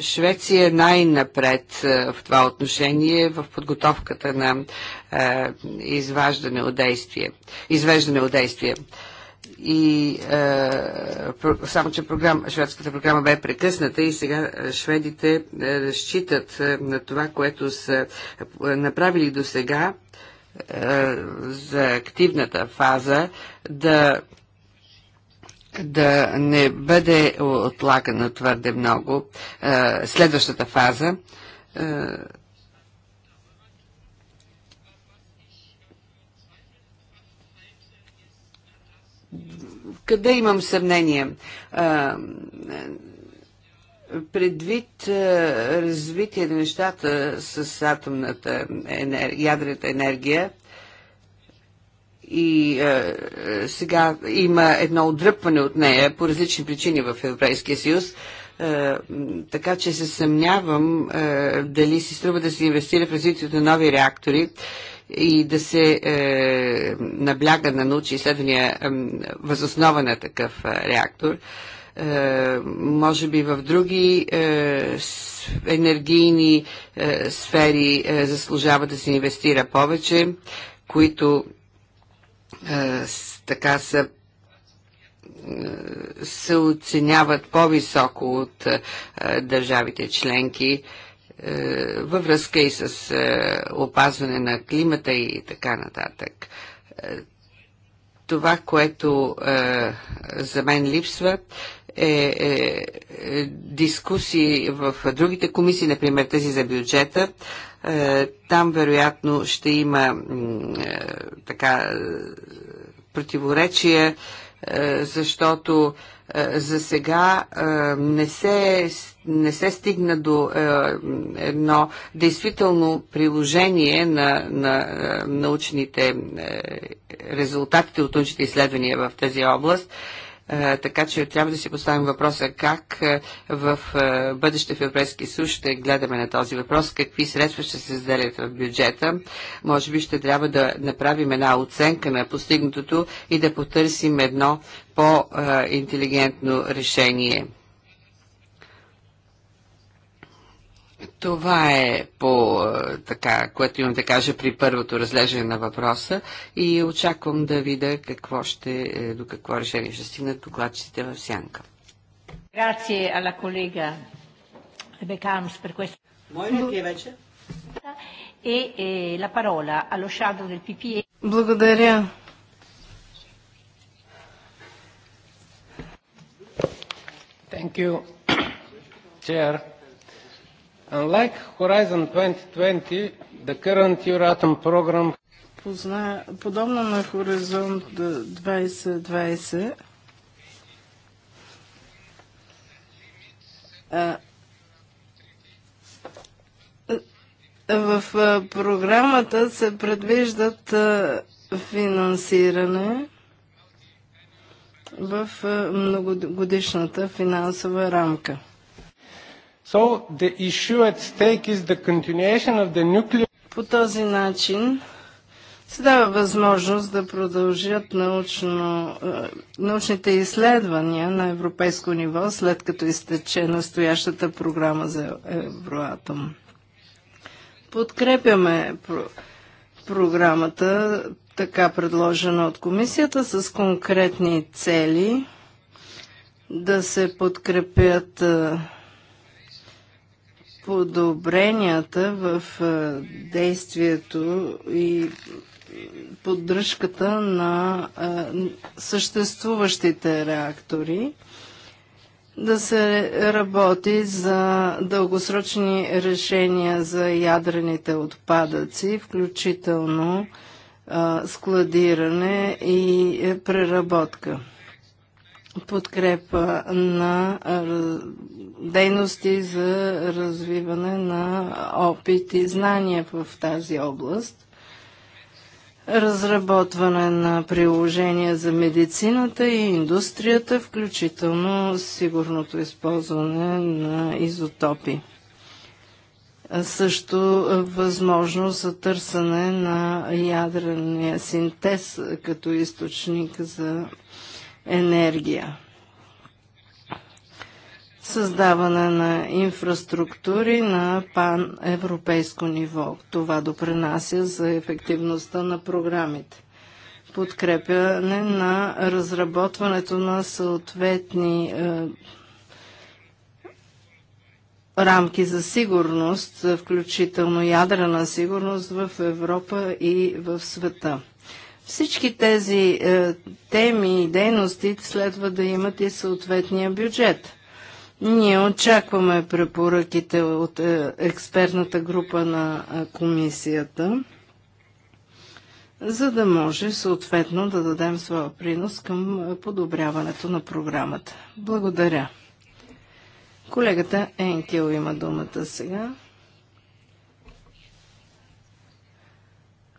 Швеция е най-напред е, в това отношение в подготовката на е, изваждане от действие, извеждане от действие. И е, само, че програм, шведската програма бе прекъсната и сега шведите разчитат на това, което са направили до сега за активната фаза да да не бъде отлагана твърде много е, следващата фаза. Е, къде имам съмнение? Е, предвид е, развитие на нещата с атомната енер... ядрената енергия, и е, е, сега има едно отдръпване от нея по различни причини в Европейския съюз. Е, така че се съмнявам е, дали си струва да се инвестира в развитието на нови реактори и да се е, набляга на научни изследвания е, възоснова на такъв е, реактор. Е, може би в други е, енергийни е, сфери е, заслужава да се инвестира повече които е, така са е, се оценяват по-високо от е, държавите членки във връзка и с опазване на климата и така нататък. Това, което за мен липсва, е, е, е, дискусии в другите комисии, например тези за бюджета. Е, там вероятно ще има е, така е, противоречия, е, защото е, за сега е, не, се, не се стигна до е, едно действително приложение на, на е, научните е, резултатите от научните изследвания в тази област. Е, така че трябва да си поставим въпроса как в бъдеще в Европейски съюз ще гледаме на този въпрос, какви средства ще се заделят в бюджета. Може би ще трябва да направим една оценка на постигнатото и да потърсим едно по-интелигентно решение. Това е по е, така, което имам да кажа при първото разглеждане на въпроса и очаквам да видя какво ще, е, до какво решение ще стигнат докладчиците в сянка. Grazie е Благодаря. Thank you, Chair. Unlike Horizon 2020, the current Euratom program Позна... Подобно на Хоризонт 2020, а, в програмата се предвиждат финансиране в многогодишната финансова рамка. So the issue at stake is the continuation of the nuclear... По този начин се дава възможност да продължат научно, е, научните изследвания на европейско ниво, след като изтече настоящата програма за Евроатом. Подкрепяме про програмата, така предложена от комисията, с конкретни цели да се подкрепят е, подобренията в действието и поддръжката на съществуващите реактори, да се работи за дългосрочни решения за ядрените отпадъци, включително складиране и е, преработка подкрепа на дейности за развиване на опит и знания в тази област, разработване на приложения за медицината и индустрията, включително сигурното използване на изотопи също възможност за търсене на ядрения синтез като източник за енергия. Създаване на инфраструктури на пан-европейско ниво. Това допринася за ефективността на програмите подкрепяне на разработването на съответни е, рамки за сигурност, включително ядрена сигурност в Европа и в света. Всички тези е, теми и дейности следва да имат и съответния бюджет. Ние очакваме препоръките от е, експертната група на е, комисията, за да може съответно да дадем своя принос към е, подобряването на програмата. Благодаря. Колегата Енкел има думата сега.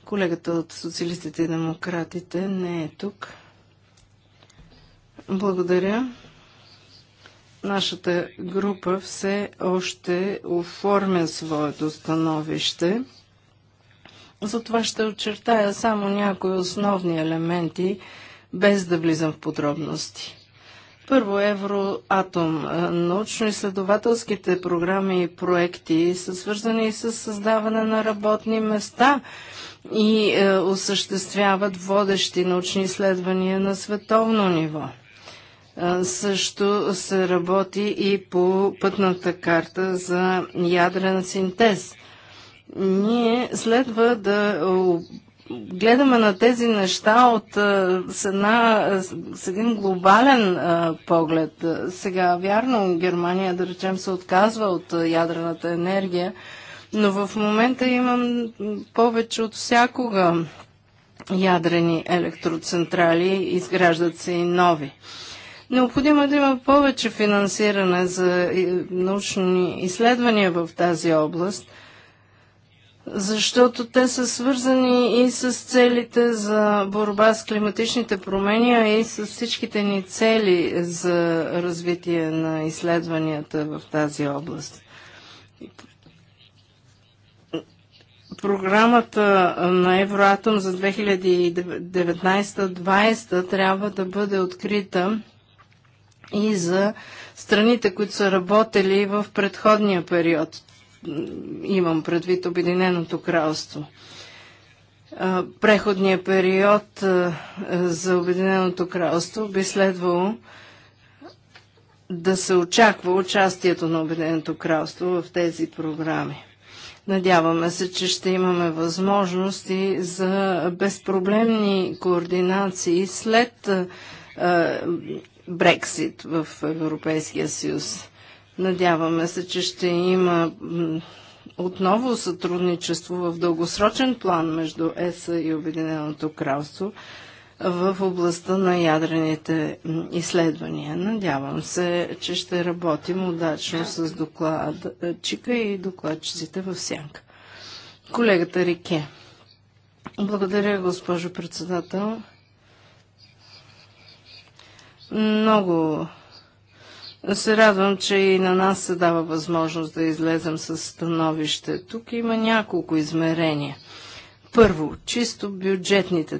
Колегата от социалистите и демократите не е тук. Благодаря. Нашата група все още оформя своето становище. Затова ще очертая само някои основни елементи, без да влизам в подробности. Първо Евроатом. Научно-изследователските програми и проекти са свързани с създаване на работни места – и е, осъществяват водещи научни изследвания на световно ниво. Е, също се работи и по пътната карта за ядрен синтез. Ние следва да гледаме на тези неща от, е, с, една, с един глобален а, е, поглед. Сега, вярно, Германия, да речем, се отказва от е, ядрената енергия, но в момента имам повече от всякога ядрени електроцентрали, изграждат се и нови. Необходимо е да има повече финансиране за научни изследвания в тази област, защото те са свързани и с целите за борба с климатичните промени, а и с всичките ни цели за развитие на изследванията в тази област програмата на Евроатом за 2019-2020 трябва да бъде открита и за страните, които са работили в предходния период. Имам предвид Обединеното кралство. Преходният период за Обединеното кралство би следвало да се очаква участието на Обединеното кралство в тези програми. Надяваме се, че ще имаме възможности за безпроблемни координации след Брексит в Европейския съюз. Надяваме се, че ще има отново сътрудничество в дългосрочен план между ЕС и Обединеното кралство в областта на ядрените изследвания. Надявам се, че ще работим удачно с докладчика и докладчиците в сянка. Колегата Рике. Благодаря, госпожо председател. Много се радвам, че и на нас се дава възможност да излезем с становище. Тук има няколко измерения. Първо, чисто бюджетните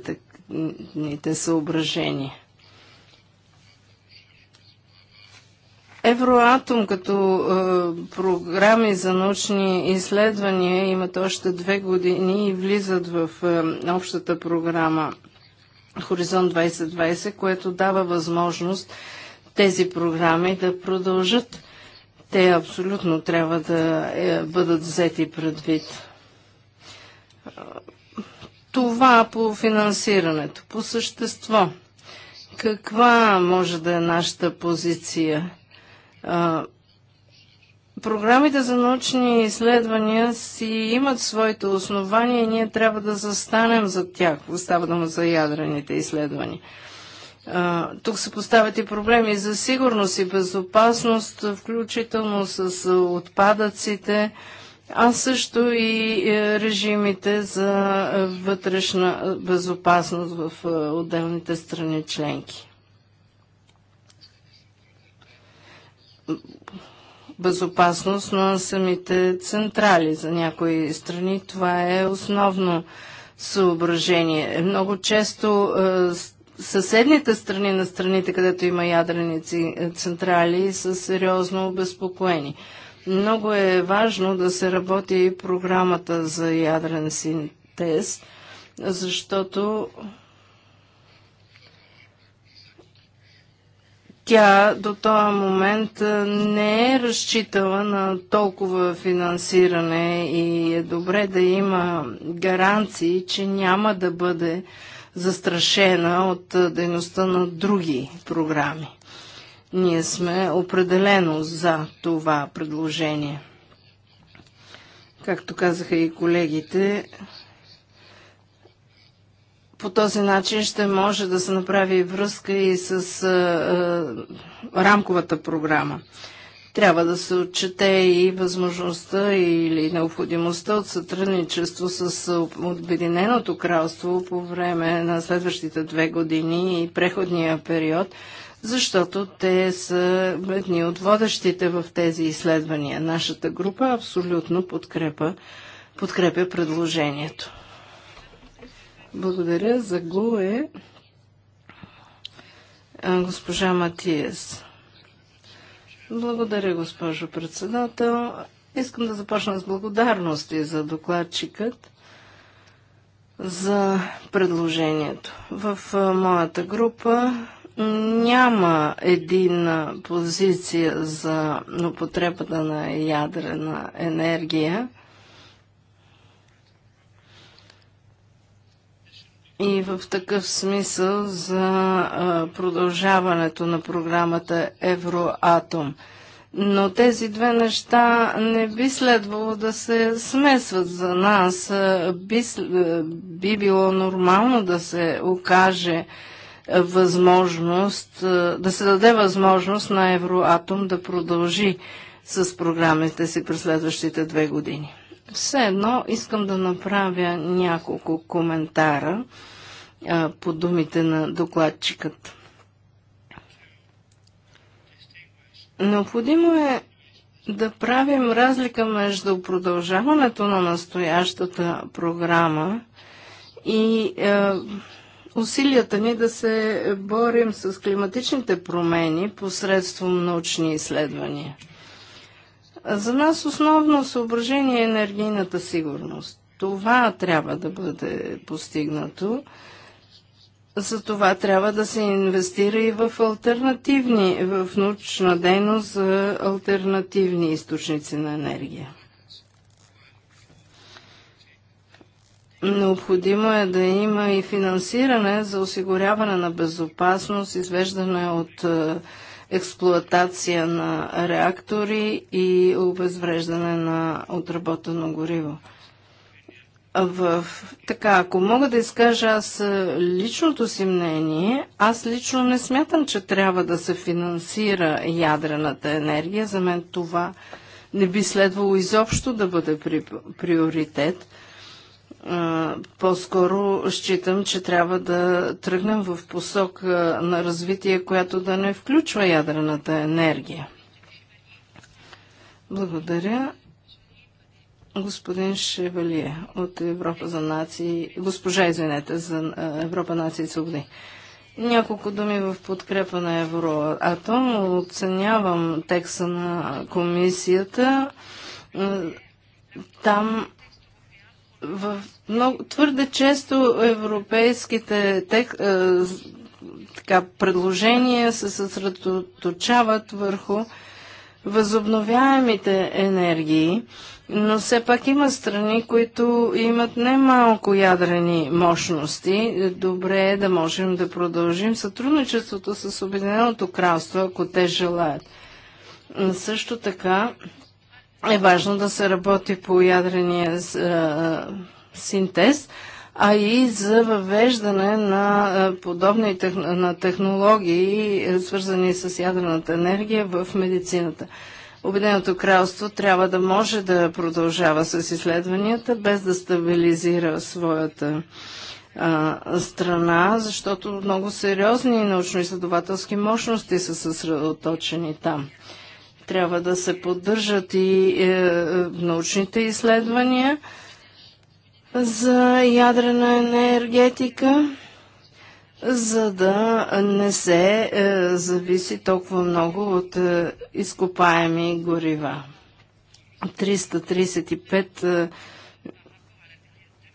техните съображения. Евроатом като е, програми за научни изследвания имат още две години и влизат в е, общата програма Хоризонт 2020, което дава възможност тези програми да продължат. Те абсолютно трябва да е, бъдат взети предвид това по финансирането, по същество. Каква може да е нашата позиция? програмите за научни изследвания си имат своите основания и ние трябва да застанем за тях. Остава дума за ядрените изследвания. тук се поставят и проблеми за сигурност и безопасност, включително с отпадъците а също и е, режимите за е, вътрешна е, безопасност в отделните страни членки. Безопасност на самите централи за някои страни, това е основно съображение. Много често съседните страни на страните, където има ядрени централи, са сериозно обезпокоени. Много е важно да се работи и програмата за ядрен синтез, защото тя до този момент не е разчитала на толкова финансиране и е добре да има гаранции, че няма да бъде застрашена от дейността на други програми. Ние сме определено за това предложение. Както казаха и колегите, по този начин ще може да се направи връзка и с а, а, рамковата програма. Трябва да се отчете и възможността или необходимостта от сътрудничество с Обединеното кралство по време на следващите две години и преходния период, защото те са едни от водещите в тези изследвания. Нашата група абсолютно подкрепа, подкрепя предложението. Благодаря за Гуе, госпожа Матиес. Благодаря, госпожо председател. Искам да започна с благодарности за докладчикът за предложението. В моята група няма единна позиция за употребата на ядрена енергия. И в такъв смисъл за продължаването на програмата Евроатом. Но тези две неща не би следвало да се смесват за нас. Би, би било нормално да се окаже възможност, е, да се даде възможност на Евроатом да продължи с програмите си през следващите две години. Все едно искам да направя няколко коментара а, е, по думите на докладчикът. Необходимо е да правим разлика между продължаването на настоящата програма и а, е, усилията ни да се борим с климатичните промени посредством научни изследвания. За нас основно съображение е енергийната сигурност. Това трябва да бъде постигнато. За това трябва да се инвестира и в альтернативни, в научна дейност за альтернативни източници на енергия. Необходимо е да има и финансиране за осигуряване на безопасност, извеждане от е, експлоатация на реактори и обезвреждане на отработено гориво. В... Така, ако мога да изкажа аз е, личното си мнение, аз лично не смятам, че трябва да се финансира ядрената енергия. За мен това не би следвало изобщо да бъде при... приоритет по-скоро считам, че трябва да тръгнем в посока на развитие, която да не включва ядрената енергия. Благодаря. Господин Шевалие от Европа за нации, госпожа, извинете, за Европа нации и свободи. Няколко думи в подкрепа на Евроатом. Оценявам текста на комисията. Там в много, твърде често европейските тех, е, така, предложения се съсредоточават върху възобновяемите енергии, но все пак има страни, които имат немалко ядрени мощности. Добре е да можем да продължим сътрудничеството с Обединеното кралство, ако те желаят. Също така, е важно да се работи по ядрения синтез, а и за въвеждане на подобни на технологии, свързани с ядрената енергия в медицината. Обединеното кралство трябва да може да продължава с изследванията, без да стабилизира своята а, страна, защото много сериозни научно-изследователски мощности са съсредоточени там. Трябва да се поддържат и е, научните изследвания за ядрена енергетика, за да не се е, зависи толкова много от е, изкопаеми горива. 335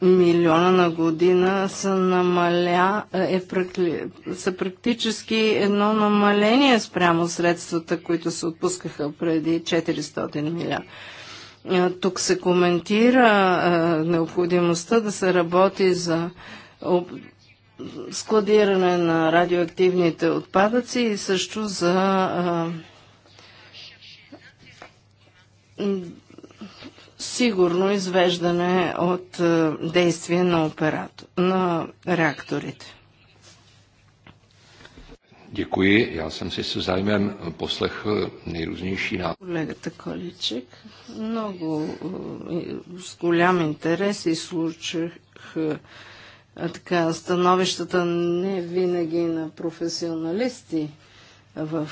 милиона на година са намаля, е, са практически едно намаление спрямо средствата, които се отпускаха преди 400 милиона. Тук се коментира е, необходимостта да се работи за об... складиране на радиоактивните отпадъци и също за е, сигурно извеждане от е, действие на, оператор, на реакторите. Děkuji. Já jsem si se zájmem poslechl nejrůznější Колегата Количек, много е, с голям интерес и случах е, така, становищата не винаги на професионалисти в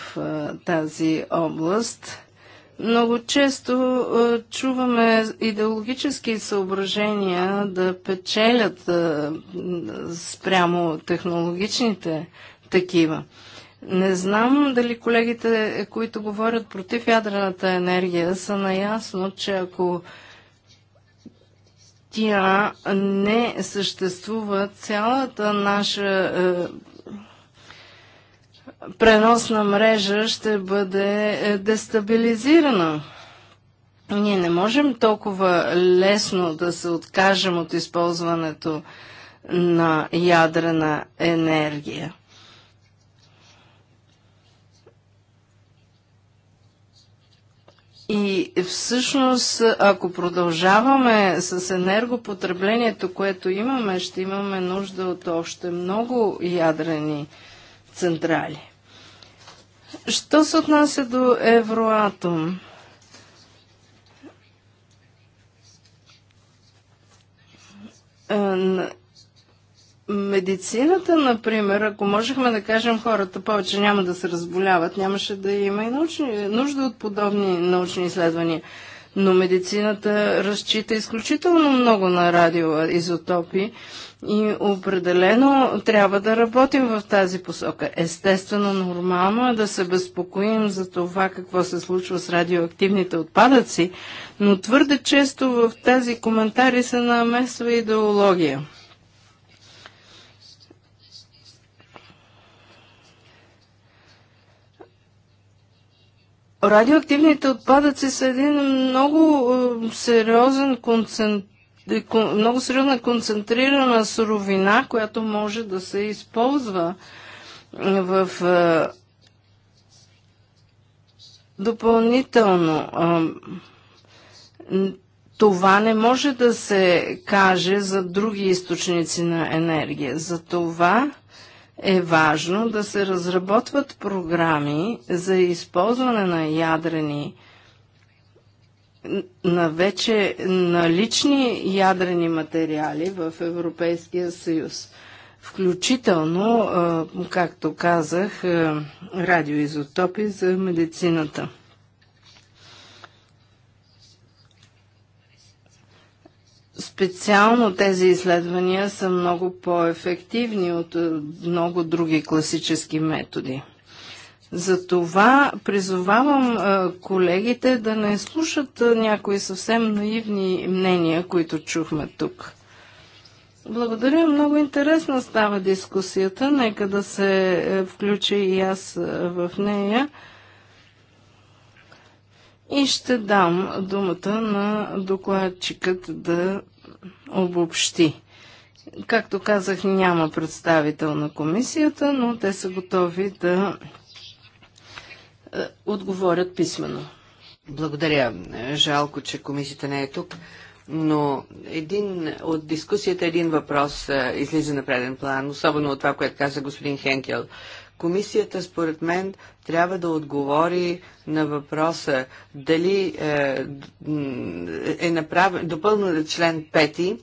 тази област. Много често чуваме идеологически съображения да печелят спрямо технологичните такива. Не знам дали колегите, които говорят против ядрената енергия, са наясно, че ако тя не съществува, цялата наша преносна мрежа ще бъде е, дестабилизирана. Ние не можем толкова лесно да се откажем от използването на ядрена енергия. И всъщност, ако продължаваме с енергопотреблението, което имаме, ще имаме нужда от още много ядрени централи. Що се отнася до Евроатом? Е, медицината, например, ако можехме да кажем хората повече няма да се разболяват, нямаше да има и научни, нужда от подобни научни изследвания. Но медицината разчита изключително много на радиоизотопи и определено трябва да работим в тази посока. Естествено, нормално е да се безпокоим за това какво се случва с радиоактивните отпадъци, но твърде често в тези коментари се намесва идеология. Радиоактивните отпадъци са един много е, сериозен концентр много сериозна концентрирана суровина, която може да се използва в допълнително. Това не може да се каже за други източници на енергия. За това е важно да се разработват програми за използване на ядрени енергии на вече налични ядрени материали в Европейския съюз. Включително, както казах, радиоизотопи за медицината. Специално тези изследвания са много по-ефективни от много други класически методи. Затова призовавам колегите да не слушат някои съвсем наивни мнения, които чухме тук. Благодаря, много интересна става дискусията. Нека да се е, включи и аз е, в нея. И ще дам думата на докладчикът да обобщи. Както казах, няма представител на комисията, но те са готови да е, отговорят писменно. Благодаря. Жалко, че комисията не е тук. Но един от дискусията един въпрос е, излиза на преден план, особено от това, което каза господин Хенкел. Комисията, според мен, трябва да отговори на въпроса дали е, е направен, допълнен член 5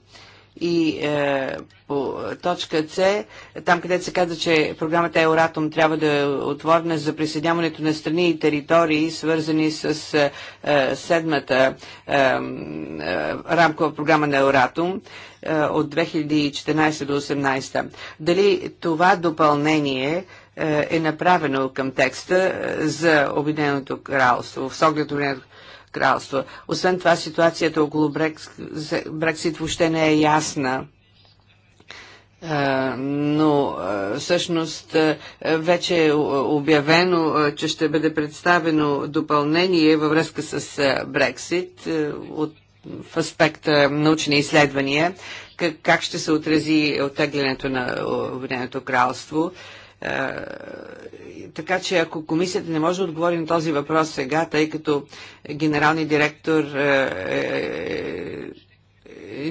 и е, по точка С, там където се каза, че програмата Евратом трябва да е отворена за присъединяването на страни и територии, свързани с е, е седмата е, е, рамкова програма на Евратом е, от 2014 до 2018. Дали това допълнение е, е направено към текста е, за Обединеното кралство, в оглед Обединеното кралство. Освен това, ситуацията около Брексит въобще не е ясна но всъщност вече е обявено, че ще бъде представено допълнение във връзка с Брексит от, в аспекта научни изследвания, как, как ще се отрази оттеглянето на Обединеното кралство. Така че ако комисията не може да отговори на този въпрос сега, тъй като генералният директор е, е, е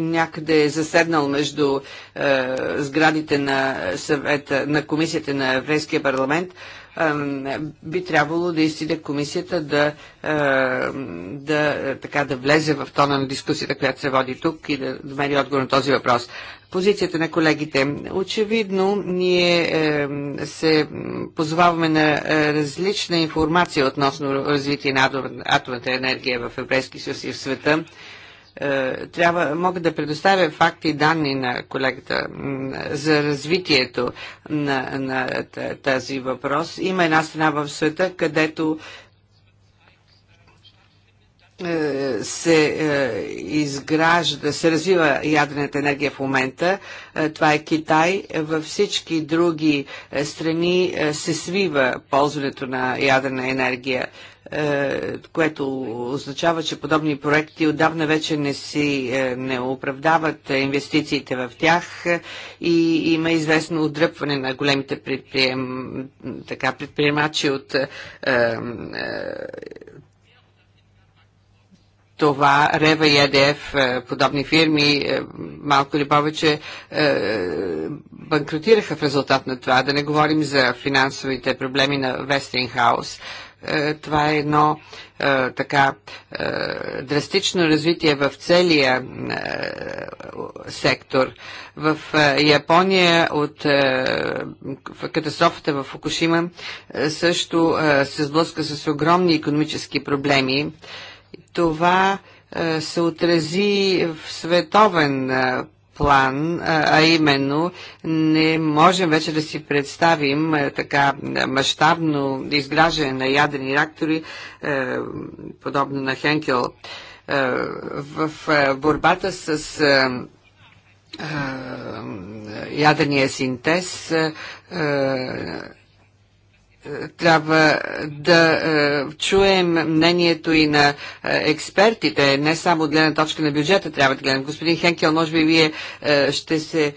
някъде е заседнал между е, сградите на съвета, на комисията на Еврейския парламент, е, би трябвало да изсиде комисията да, е, да, е, така, да влезе в тона на дискусията, която се води тук и да намери отговор на този въпрос позицията на колегите. Очевидно, ние е, се позоваваме на е, различна информация относно развитие на атомната енергия в Европейския съюз и в света. Е, трябва, мога да предоставя факти и данни на колегата за развитието на, на тази въпрос. Има една страна в света, където е, се е, изгражда, се развива ядрената енергия в момента. Това е Китай. Във всички други страни се свива ползването на ядрена енергия. Е, което означава, че подобни проекти отдавна вече не си е, не оправдават инвестициите в тях и има известно отдръпване на големите предприем, така, предприемачи от е, е, това Рева и ЕДФ, е, подобни фирми, малко или повече, банкротираха в резултат на това. Да не говорим за финансовите проблеми на Вестингхаус. Хаус е, това е едно е, така е, драстично развитие в целия е, сектор. В е, Япония от е, катастрофата в Фукушима също се сблъска с огромни економически проблеми. Това се отрази в световен план, а именно не можем вече да си представим така мащабно изграждане на ядрени реактори, е, подобно на Хенкел. Е, в е, борбата с ядрения синтез е, трябва е, да е, чуем мнението и на експертите, не само от гледна точка на бюджета трябва да гледам. Господин Хенкел, може би вие ще се...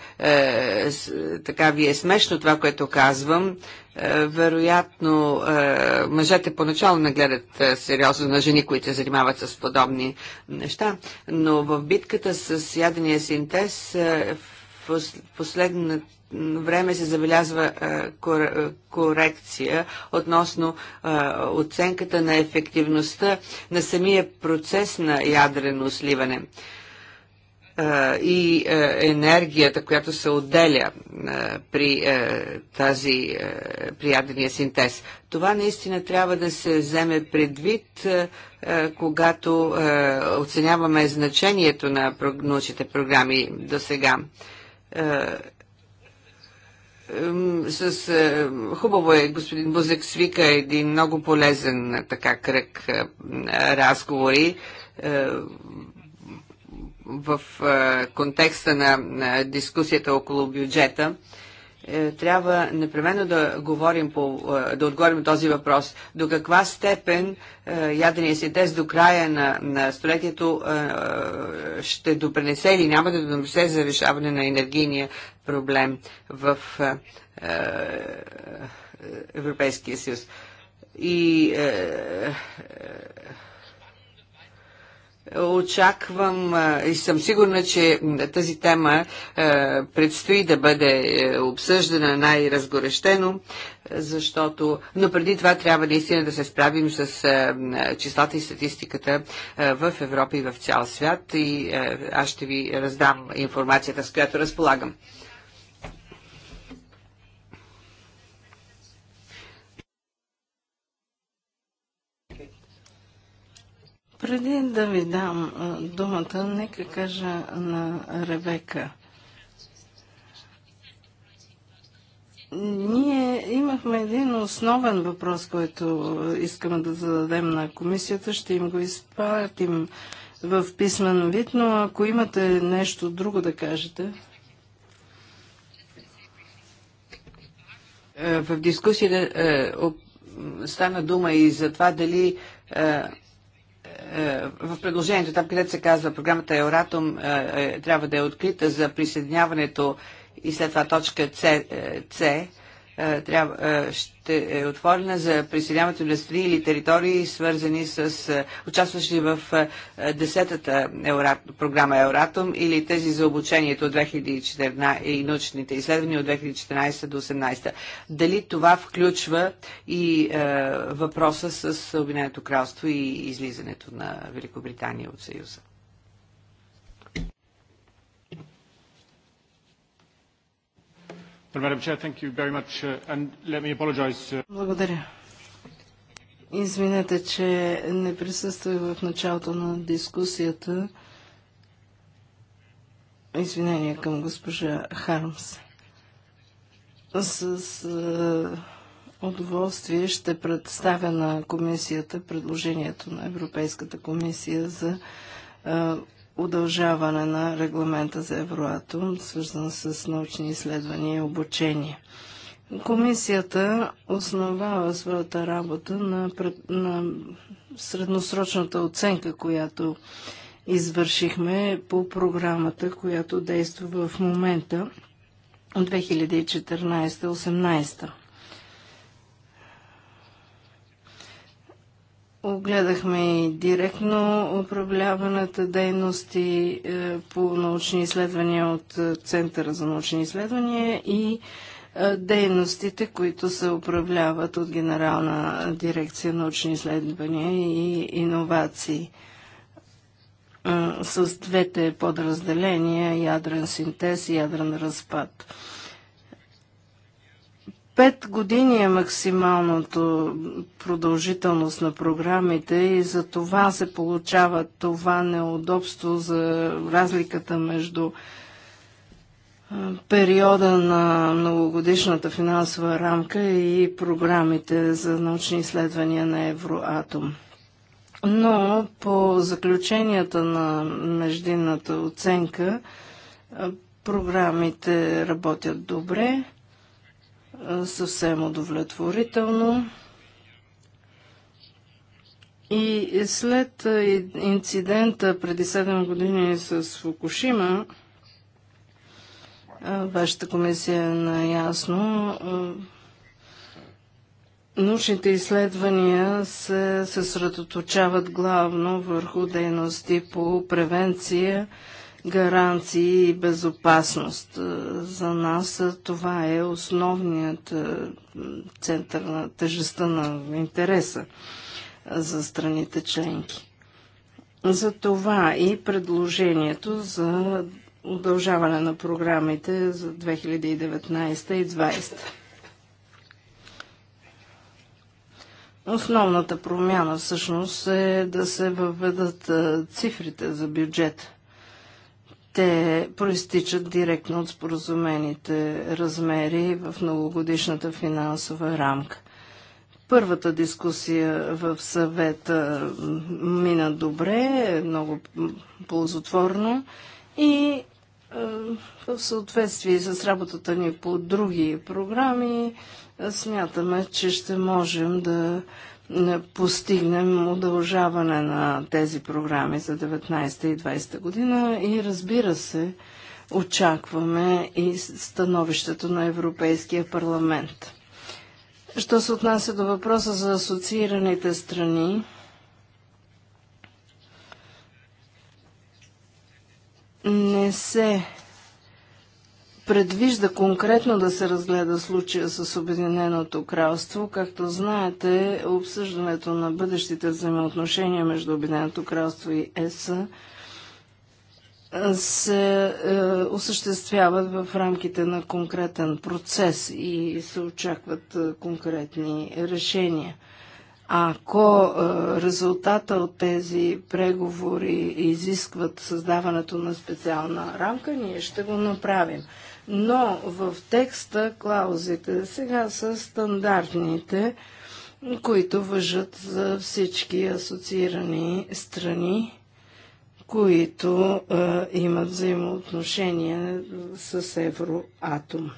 така ви е смешно това, което казвам. Вероятно, мъжете поначало не гледат сериозно на жени, които се занимават с подобни неща, но в битката с ядения синтез в последно време се забелязва корекция относно оценката на ефективността на самия процес на ядрено сливане и енергията, която се отделя при тази при ядрения синтез. Това наистина трябва да се вземе предвид, когато оценяваме значението на прогнозите програми до сега. Е, с, е, хубаво е, господин Бузек свика един много полезен е, така кръг е, разговори е, в е, контекста на, на дискусията около бюджета. Е, е, трябва непременно да, говорим по, е, да отговорим този въпрос. До каква степен е, ядрения синтез до края на, на столетието ще допренесе или няма да допренесе за решаване на енергийния проблем в Европейския съюз? И Очаквам и съм сигурна, че тази тема предстои да бъде е, обсъждана най-разгорещено, защото, но преди това трябва наистина да се справим с числата и статистиката в Европа и в цял свят и аз ще ви раздам информацията, с която разполагам. Преди да ви дам думата, нека кажа на Ребека. Ние имахме един основен въпрос, който искаме да зададем на комисията. Ще им го изпратим в писмен вид, но ако имате нещо друго да кажете. Е, в дискусията е, стана дума и за това дали е, е, в предложението, там където се казва програмата Евратом е, е, трябва да е открита за присъединяването и след това точка С, е, трябва, е, ще е отворена за присъединяването на страни или територии, свързани с е, участващи в 10-та програма Евратом или тези за обучението от 2014 и научните изследвания от 2014 до 2018. Дали това включва и е, въпроса с Обединеното кралство и излизането на Великобритания от Съюза? Uh, uh, Благодаря. Извинете, че не присъствах в началото на дискусията. Извинение към госпожа Хармс. С, с е, удоволствие ще представя на комисията предложението на Европейската комисия за е, удължаване на регламента за Евроатом, свързан с научни изследвания и обучение. Комисията основава своята работа на, пред, на средносрочната оценка, която извършихме по програмата, която действа в момента 2014-2018. Огледахме и директно управляваната дейност и е, по научни изследвания от е, Центъра за научни изследвания и е, дейностите, които се управляват от Генерална дирекция научни изследвания и иновации. с двете подразделения ядрен синтез и ядрен разпад. Пет години е максималното продължителност на програмите и за това се получава това неудобство за разликата между периода на многогодишната финансова рамка и програмите за научни изследвания на Евроатом. Но по заключенията на междинната оценка програмите работят добре съвсем удовлетворително. И след инцидента преди 7 години с Фукушима, вашата комисия е наясно, научните изследвания се съсредоточават главно върху дейности по превенция гаранции и безопасност. Е, за нас е, това е основният е, център на тежестта на интереса за страните членки. За това и предложението за удължаване на програмите за 2019 и 2020. Основната промяна всъщност е да се въведат цифрите за бюджета. Те проистичат директно от споразумените размери в многогодишната финансова рамка. Първата дискусия в съвета мина добре, много ползотворно и е, в съответствие с работата ни по други програми, е, смятаме, че ще можем да постигнем удължаване на тези програми за 19 и 20 година и разбира се, очакваме и становището на Европейския парламент. Що се отнася до въпроса за асоциираните страни, не се предвижда конкретно да се разгледа случая с Обединеното кралство. Както знаете, обсъждането на бъдещите взаимоотношения между Обединеното кралство и ЕС се е, осъществяват в рамките на конкретен процес и се очакват е, конкретни решения. Ако е, резултата от тези преговори изискват създаването на специална рамка, ние ще го направим но в текста клаузите сега са стандартните, които въжат за всички асоциирани страни, които е, имат взаимоотношения с Евроатом.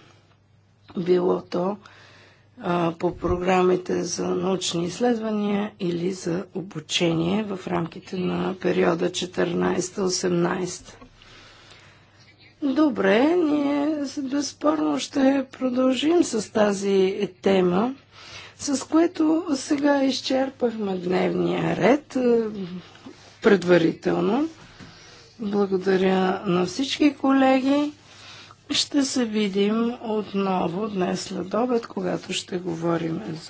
Било то е, по програмите за научни изследвания или за обучение в рамките на периода 14-18. Добре, ние безспорно ще продължим с тази тема, с което сега изчерпахме дневния ред е, предварително. Благодаря на всички колеги. Ще се видим отново днес след обед, когато ще говорим за